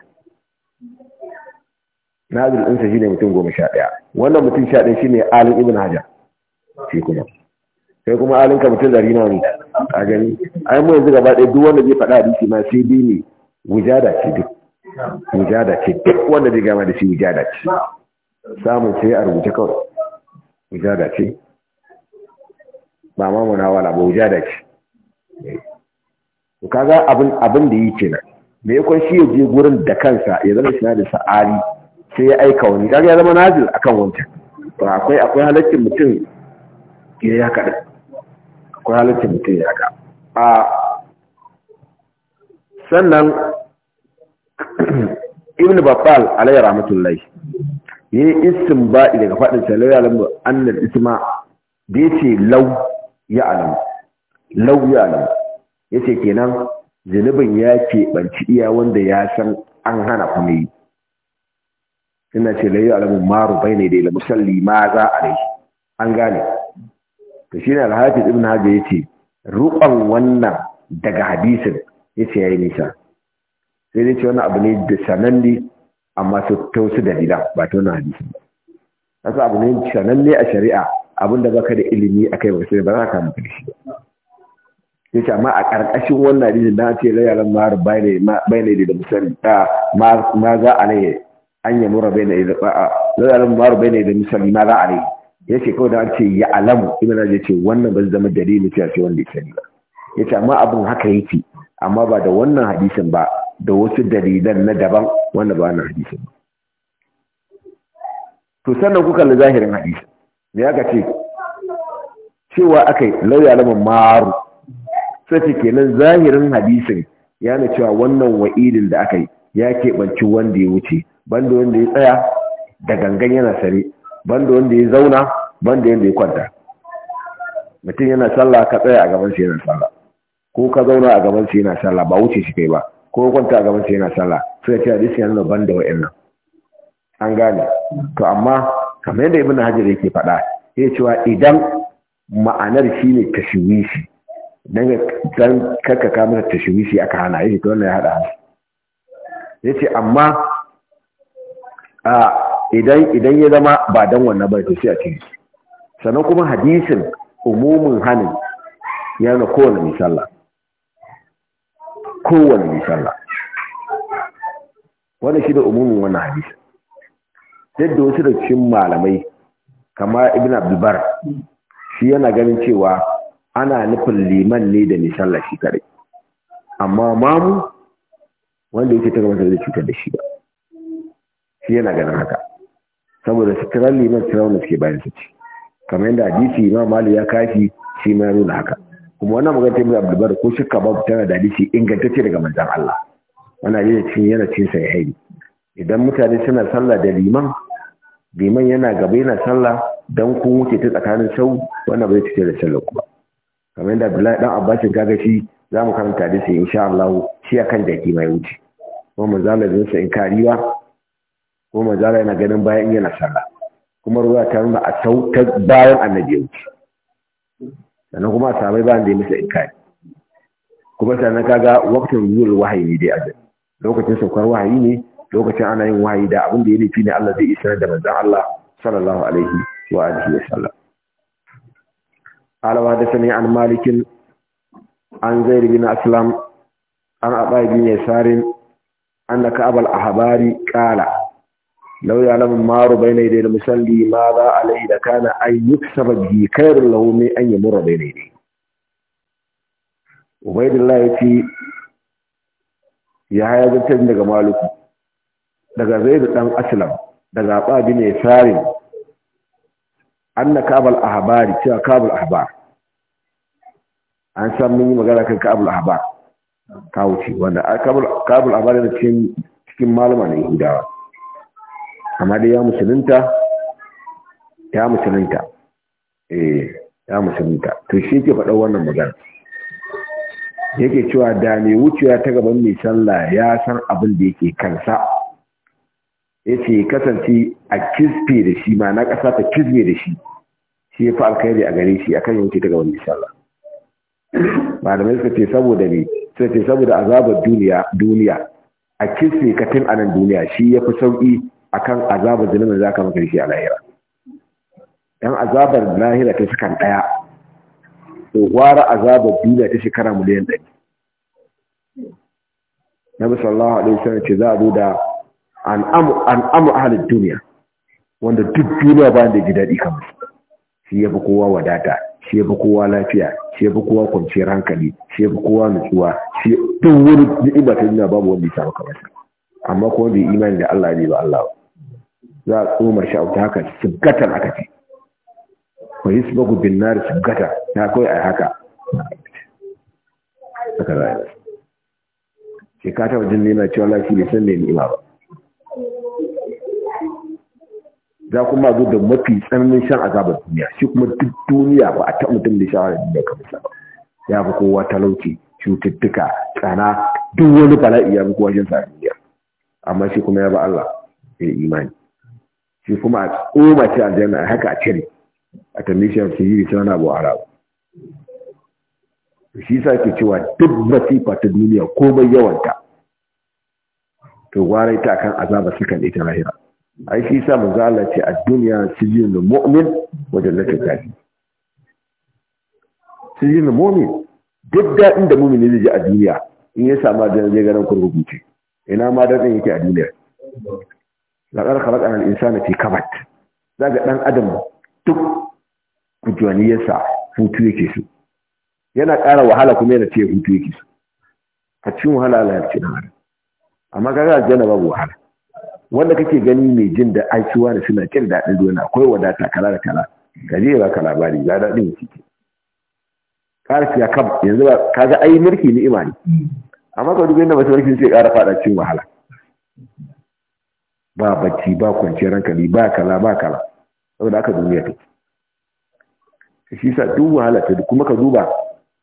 nazir ɗinsa shi ne mutum goma sha ɗaya wannan mutum sha ɗaya shi ne alin ibn hajar shi kuma kai kuma alinka mutum dari na ne a gani ai mu yanzu gaba ɗaya duk wanda zai faɗa hadisi ma sai dai ne wujada ce duk wujada ce duk wanda zai gama da shi wujada ce samun sai a rubuce kawai wujada ce ba ma wala ba wujada ce to kaga abin abin da yake nan me yakon shi ya je gurin da kansa ya zama shi da sa'ari sai ya aika wani kaga ya zama nazil akan wancan to akwai akwai halaccin mutum ya ya kaɗan akwai halittar mutum ya ka a sannan ibn babbal alayhi rahmatullahi yayi istinba'i daga fadin sallallahu faɗin wasallam annal isma da yace Lau ya alam lau ya ce yace kenan zinubin ya ɓanci iya wanda ya san an hana kuma yi ina ce layu alamun maru bai ne da musalli ma za a rai an gane to shine al-hafiz ibn hajar yace ruqan wannan daga hadisin yace yayi nisa sai ne ce wannan abu ne da sananne amma su tausu da dila ba ta wannan hadisin ba kasa abu ne sananne a shari'a abinda baka da ilimi akai ba sai ba za ka da shi ya ce amma a ƙarƙashin wannan hadisin da ce rayaran mahar bayanai da misali ma za a ne an yi mura bayanai da misali ma za a ne ya ce kawai da ce ya alamu ina na ce wannan ba zama dalilin cewa ce wanda ya sani ba ya ce amma abin haka yake amma ba da wannan hadisin ba da wasu dalilan na daban wanda ba wannan hadisin ba to sannan kuka kalli zahirin hadisin me ya ce cewa akai lauya lamun maru sai ce kenan zahirin hadisin ya na cewa wannan wa'idin da aka yi ya keɓanci wanda ya wuce banda wanda ya tsaya da gangan yana sare banda wanda ya zauna banda yanda ya kwanta mutum yana sallah ka tsaya a gaban shi yana sallah ko ka zauna a gaban shi yana sallah ba wuce shi kai ba ko kwanta a gaban shi yana sallah sai ce hadisi yana banda nan. an gane to amma kamar yadda ibina hajar yake faɗa ya cewa idan ma'anar shi ne tashiwishi, dan ka karkaka mata tashwishi aka hana yake to wannan ya hada hasu ce amma idan idan ya zama ba dan wannan ba to sai a cire sanan kuma hadisin umumin hanin ya na kowane misalla kowane misalla wannan shi da umumin wannan hadisin yadda wasu da cikin malamai kamar ibn abdulbar shi yana ganin cewa ana nufin liman ne da misalla shi kare amma mamu wanda yake ta gaba da cutar da shi ba shi yana ganin haka saboda sitirar liman firawuna suke bayan su ci kamar yadda hadisi imam mali ya kashi shi ma nuna haka kuma wannan magana taimur abubuwar ko shakka babu tana da hadisi ingantacce daga manzan allah wannan yana cin yana cin sai haini idan mutane suna sallah da liman liman yana gaba yana sallah dan ko wuce ta tsakanin sau wannan bai cike da sallah kuma kamar yadda abdullahi dan abbasin kaga shi za mu karanta hadisi insha allah shi akan jaki mai wuce kuma manzan allah zai sa in kariwa ko manzala yana ganin bayan yana sallah kuma ruwa ta nuna a sauta bayan annabi ya wuce sannan kuma a sabai bayan da ya misa ikai kuma sannan kaga waktin zuwa wahayi ne dai a lokacin saukar wahayi ne lokacin ana yin wahayi da abin da ya nufi ne Allah zai isa da manzon Allah sallallahu alaihi wa alihi wa sallam da sani an malikin an زيد bin aslam an abai bin yasarin annaka abal ahbari qala لو يعلم ما بين يدي المصلي ماذا عليه لكان أن يكسب به خير له من أن يمر بين يديه عبيد الله يتي يحيى بن تيم daga Maliku daga Zaid dan Aslam daga Aba bin Yasarin anna kabal ahbari cewa kabal ahbar an san mun yi magana kan kabal ahbar ka wuce wanda kabal kabal ahbar cikin malama ne Yahudawa amma dai ya musulunta ya musulunta eh ya musulunta to shi ke faɗa wannan magana yake cewa da mai wucewa ta gaban mai sallah ya san abin da yake kansa ya ce kasance a kisfe da shi ma na ƙasa ta kisfe da shi shi ya fi alkhairi a gare shi akan yanke ta gaban mai sallah malamai suka ce saboda ne suka ce saboda azabar duniya duniya a kisfe katin anan duniya shi ya fi sauƙi akan azabar zunubin za ka maka da shi a lahira yan azabar lahira ta sakan ɗaya to gwara azabar duniya ta shekara miliyan ɗari nabi sallallahu alaihi wasallam ce za a zo da an'amu ahalin duniya wanda duk duniya bayan da ji daɗi kamar shi ya fi kowa wadata shi ya fi kowa lafiya shi ya fi kowa kwanciyar hankali shi ya fi kowa nutsuwa shi duk wani ni'ima ta duniya babu wanda ya samu kamar amma kuma bai imani da Allah ne ba Allah ba za a tsoma shi a wuta haka gata aka ce Ba yi su bagu bin nari gata ta kawai a haka A za a yi ke kata wajen nuna cewa lafi bai san ne ima ba za kuma zo da mafi tsananin shan azabar duniya shi kuma duk duniya ba a ta mutum da shawarar duniya kamar sa ya fi kowa talauci cututtuka tsana duk wani bala'i ya fi kowa shan sa duniya amma shi kuma ya ba Allah ya imani shi kuma a tsoma shi aljanna a haka a cire a tambaye shi a yi rikin abu a rabu shi sa ke cewa duk masifa ta duniya komai yawanta to gwarai ta kan azaba sukan ita lahira ai shi sa mu Allah ce a duniya sijin mu'min wa jannatul kafir sijin mu'min duk daɗin da mu'mini zai ji a duniya in ya samu da zai ganin kurkuku ce ina ma daɗin yake a duniya laƙar khalaqana al-insana fi kabat ga ɗan adam duk kujuwaniyarsa hutu yake so yana ƙara wahala kuma yana ce hutu yake so A cin wahala Allah ya ce na hada amma kaga aljanna babu wahala wanda kake gani mai jin da aikuwa da suna kin daɗin duniya akwai wadata kala da kala ka je ba ka labari ya daɗin yake ke ƙarfi ya kam yanzu ba ka kaga ai mulki ni imani amma ka dubi yadda masu mulkin sai ƙara faɗa cikin wahala ba bacci ba kwanciyar hankali ba kala ba kala saboda aka duniya take shi sa duk wahala ta kuma ka duba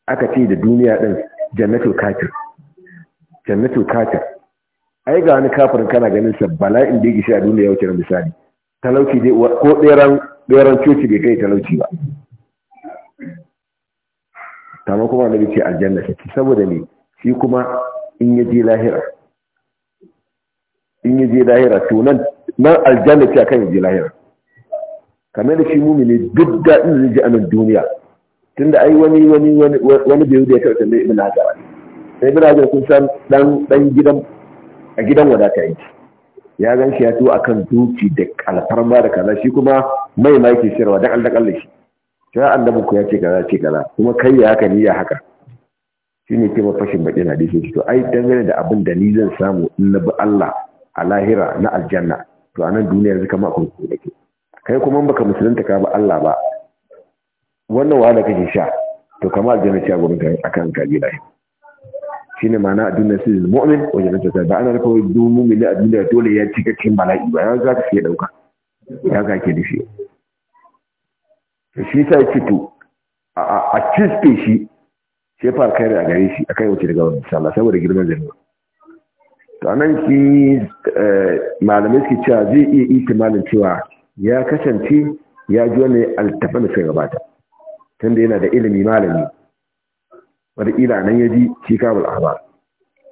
aka ce da duniya din jannatul kafir jannatul kafir ai ga wani kafirin kana ganin sa bala'in da yake shi a duniya ya wuce misali talauci dai ko ɗeran ɗeran coci bai kai talauci ba ma kuma annabi ce aljanna ce saboda ne shi kuma in ya je lahira in yi je lahira to nan nan aljanna ce akan je lahira kamar da shi mumini duk daɗin da zai ji anan nan duniya tunda ai wani wani wani wani bai da ya karɓa mai ibn hajar sai ibn hajar sun san dan dan gidan a gidan wadata yake ya gan shi ya a akan duki da alfarma da kaza shi kuma mai ma yake shirwa da kallan kallan shi sai annabin ku ya ce kaza ce kaza kuma kai ya haka ni ya haka shine ke mafashin bakin hadisi to ai dangane da abin da ni zan samu in na bi Allah a lahira na aljanna to anan duniya zai kama kurkuku da ke kai kuma baka musulunta ka ba Allah ba wannan wahala kake sha to kama aljanna ce a gurin kai akan kaji lahira shine ma'ana a duniya sai mu'min wajen na ta ba ana kawai du mu'mini a duniya dole ya cika cikin bala'i ba ya za ka fiye dauka ya ga ke Da shi sai ci to a cispe shi sai fara kai a gare shi akai wace daga wannan sallah saboda girman zanuba to anan ki eh, malamai suke cewa zai iya itimalin cewa ya kasance ya ji wani altafan suka gabata tunda yana da ilimi malami wadda nan ya ji shi kabul ahbar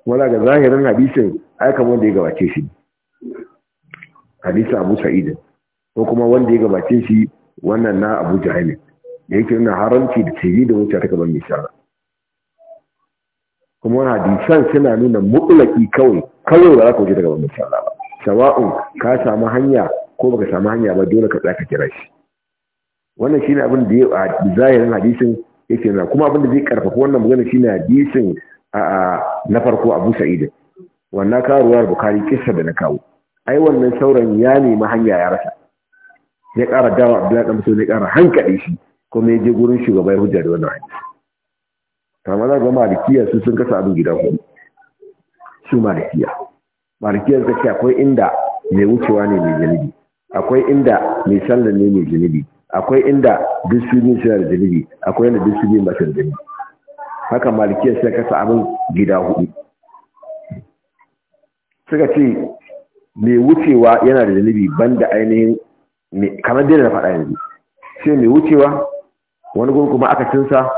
kuma ga zahirin hadisin aika wanda ya gabace shi hadisi abu sa'idin ko kuma wanda ya gabace shi wannan na abu jahilin da yake nuna haramci da tiri da wuce ta gaban misala kuma hadisan suna nuna mutulaki kawai kawai da za ka wuce daga wani sallah ba sawa'un ka samu hanya ko baka samu hanya ba dole ka tsaka kira shi wannan shine abin da ya zahirin hadisin yake na kuma abin da zai karfafa wannan magana shine hadisin na farko Abu Sa'id wannan karuwar bukari kissa da na kawo ai wannan sauran ya nemi hanya ya rasa ya kara dawa Abdullahi dan Musa ya ƙara hankali shi kuma ya je gurin shugaba ya hujja da wannan hadisi kama za ga malikiya su sun kasa abin gida hudu su malikiya malikiyar zaki ce akwai inda mai wucewa ne mai zunubi akwai inda mai sallar ne mai zunubi akwai inda duk su biyu suna da zunubi akwai inda duk su biyu ba da zunubi haka malikiyar sun kasa abin gida hudu suka ce mai wucewa yana da ban banda ainihin kamar dai na faɗa yanzu sai mai wucewa wani gun kuma aka cinsa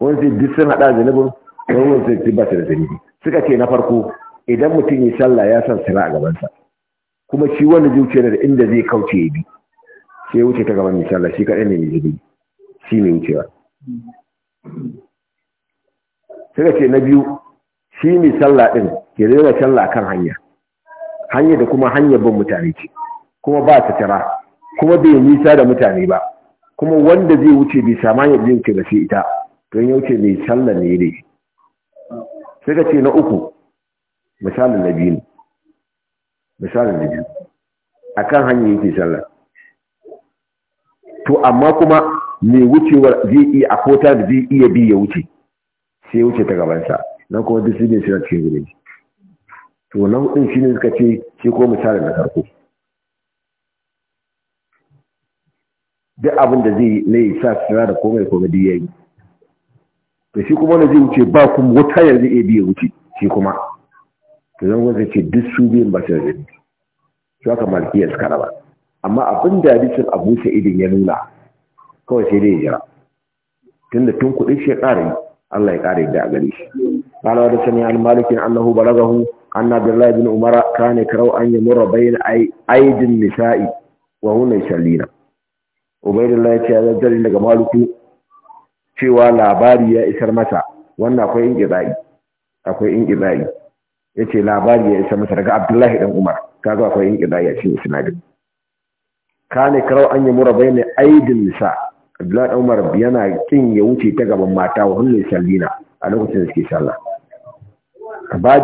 wani sai duk sun haɗa zanubin wani wani sai ba da zanubi suka ce na farko idan mutum ya sallah ya san sana a gabansa kuma shi wani zuciya da inda zai kauce ya bi sai wuce ta gaban misalla shi kaɗai ne mai zubi shi ne wucewa suka ce na biyu shi mai sallah ɗin ke rera sallah kan hanya hanya da kuma hanyar bin mutane ce kuma ba ta tara kuma bai nisa da mutane ba kuma wanda zai wuce bai samanya ya zai wuce da shi ita don ce mai sallah ne dai sai ka ce na uku misalin na biyu misalin na biyu a kan hanyar yake sallah to amma kuma mai wucewar zai iya a kota da zai iya bi ya wuce sai wuce ta gabansa nan kuma duk sun ne suna cikin gudun to nan hudun shi ne suka ce shi ko misalin na farko duk abin da zai yi sa sira da komai komai duk yayi to shi kuma wanda zai wuce ba kuma wata yanzu zai biya wuce shi kuma to zan wanda ce duk su biyan ba su da zai shi haka malkiyar amma abin da hadisin abu sa'idin ya nuna kawai sai dai ya jira tun da tun kuɗi shi ya ƙara yi allah ya ƙara da a gare shi Kala wa da sani an malikin allahu balagahu an na birla ibn umar kane karau an yi mura bayan aidin nisa'i wa hunan shalina ubaidin a ce ya zarjari daga maluku cewa labari ya isar masa wannan akwai inqidai akwai inqidai yace labari ya isar masa daga Abdullahi dan Umar kaga akwai inqidai a cikin Ka ne karau an mura ne aidin sa Abdullahi dan Umar yana kin ya wuce ta gaban mata wa hannun sallina a lokacin da suke sallah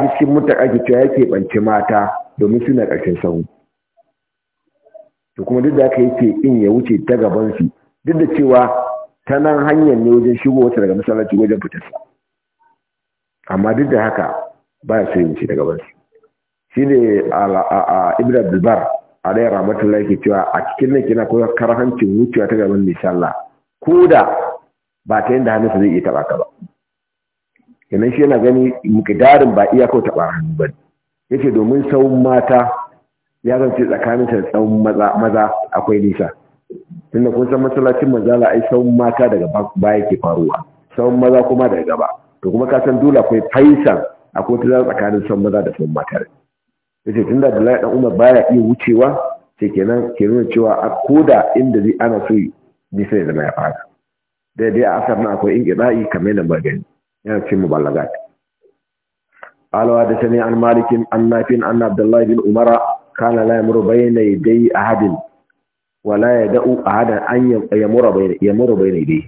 ji cikin mutar ake cewa yake banci mata domin suna ƙarshen sahu to kuma duk da aka yake in ya wuce ta gaban su duk da cewa ta nan hanyar ne wajen shigo wata daga masallaci wajen fitarsa amma duk da haka ba ya so shi daga bansu shi ne a ibn abdulbar a ɗaya ke cewa a cikin nan kina kuma karhancin wucewa ta gaban mai sallah ko da ba ta yadda hannunsa zai iya taɓa ka ba kenan shi yana gani mukidarin ba iya kawai taɓa hannu ba yace domin tsawon mata ya zance sa da tsawon maza akwai nisa tunda kun san masallacin manzala ai sauran mata daga baya ke faruwa sauran maza kuma daga gaba to kuma ka san dole akwai faisan akwai tura tsakanin sauran maza da sauran mata yace tunda Abdullahi dan Umar baya iya wucewa sai kenan ke nuna cewa a koda inda zai ana so ni sai zama ya fara daidai a asar na akwai da'i kamar nan magani yana cin mu قال وحدثني عن an malikin annafin anna Abdullahi bin umara kana la yamru dai yadi hadin. wala ya da'u ahadan an yamura bayna yamura bayna dai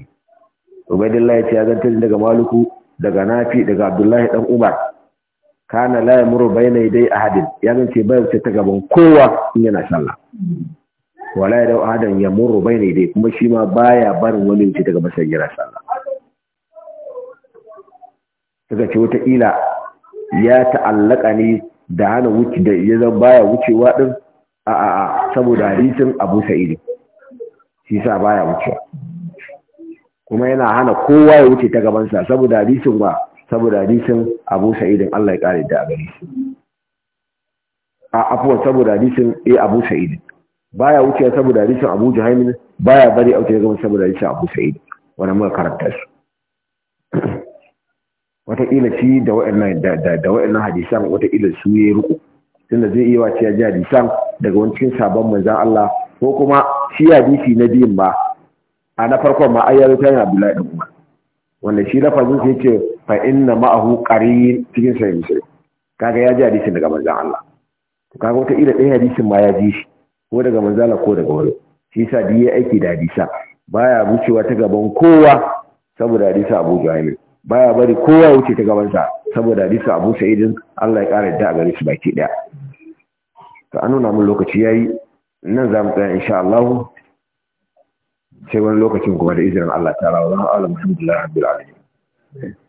ubaydillah ya ce ya zanta daga maluku daga nafi daga abdullahi dan umar kana la yamuru bayna a ahadin ya zance bai wuce ta gaban kowa in yana sallah wala ya da'u ahadan yamuru bayna yaday kuma shi ma baya barin wani wuce daga masallaci yana sallah kaga ce wata ila ya ta'allaka ne da hana wuce da ya zan baya wucewa din a a saboda hadisin abu sa'idi shi sa baya wucewa kuma yana hana kowa ya wuce ta gabansa saboda hadisin ba saboda hadisin abu sa'idin Allah ya kare da a gare shi a afuwa saboda hadisin a eh, abu sa'idin baya wuce saboda hadisin abu juhaimin baya bari a wuce ta gabansa saboda hadisin abu sa'idi wannan muka karanta su wataƙila shi da wa'annan hadisan wataƙila su ya yi ruku tunda zai iya wace ya ji hadisan daga wani cikin sabon manzan Allah ko kuma shi hadisi na biyun ba? a na farkon ma ayyar ta tayin abu dan kuma. wanda shi fazin sai ce fa inna ma'ahu ƙari cikin sahih muslim kaga ya ji hadisin daga manzan Allah to kaga wata ila ɗaya hadisin ma ya ji shi ko daga manzan Allah ko daga wani shi yasa duk ya aiki da hadisa baya wucewa ta gaban kowa saboda hadisa Abu Jahil baya bari kowa ya wuce ta gabansa saboda hadisin Abu Sa'idin Allah ya kara yadda a gare su baki daya to an nuna mun lokaci yayi nan zamu tsaya insha Allah sai wani lokacin kuma da izinin Allah ta ta'ala wa alhamdulillah rabbil alamin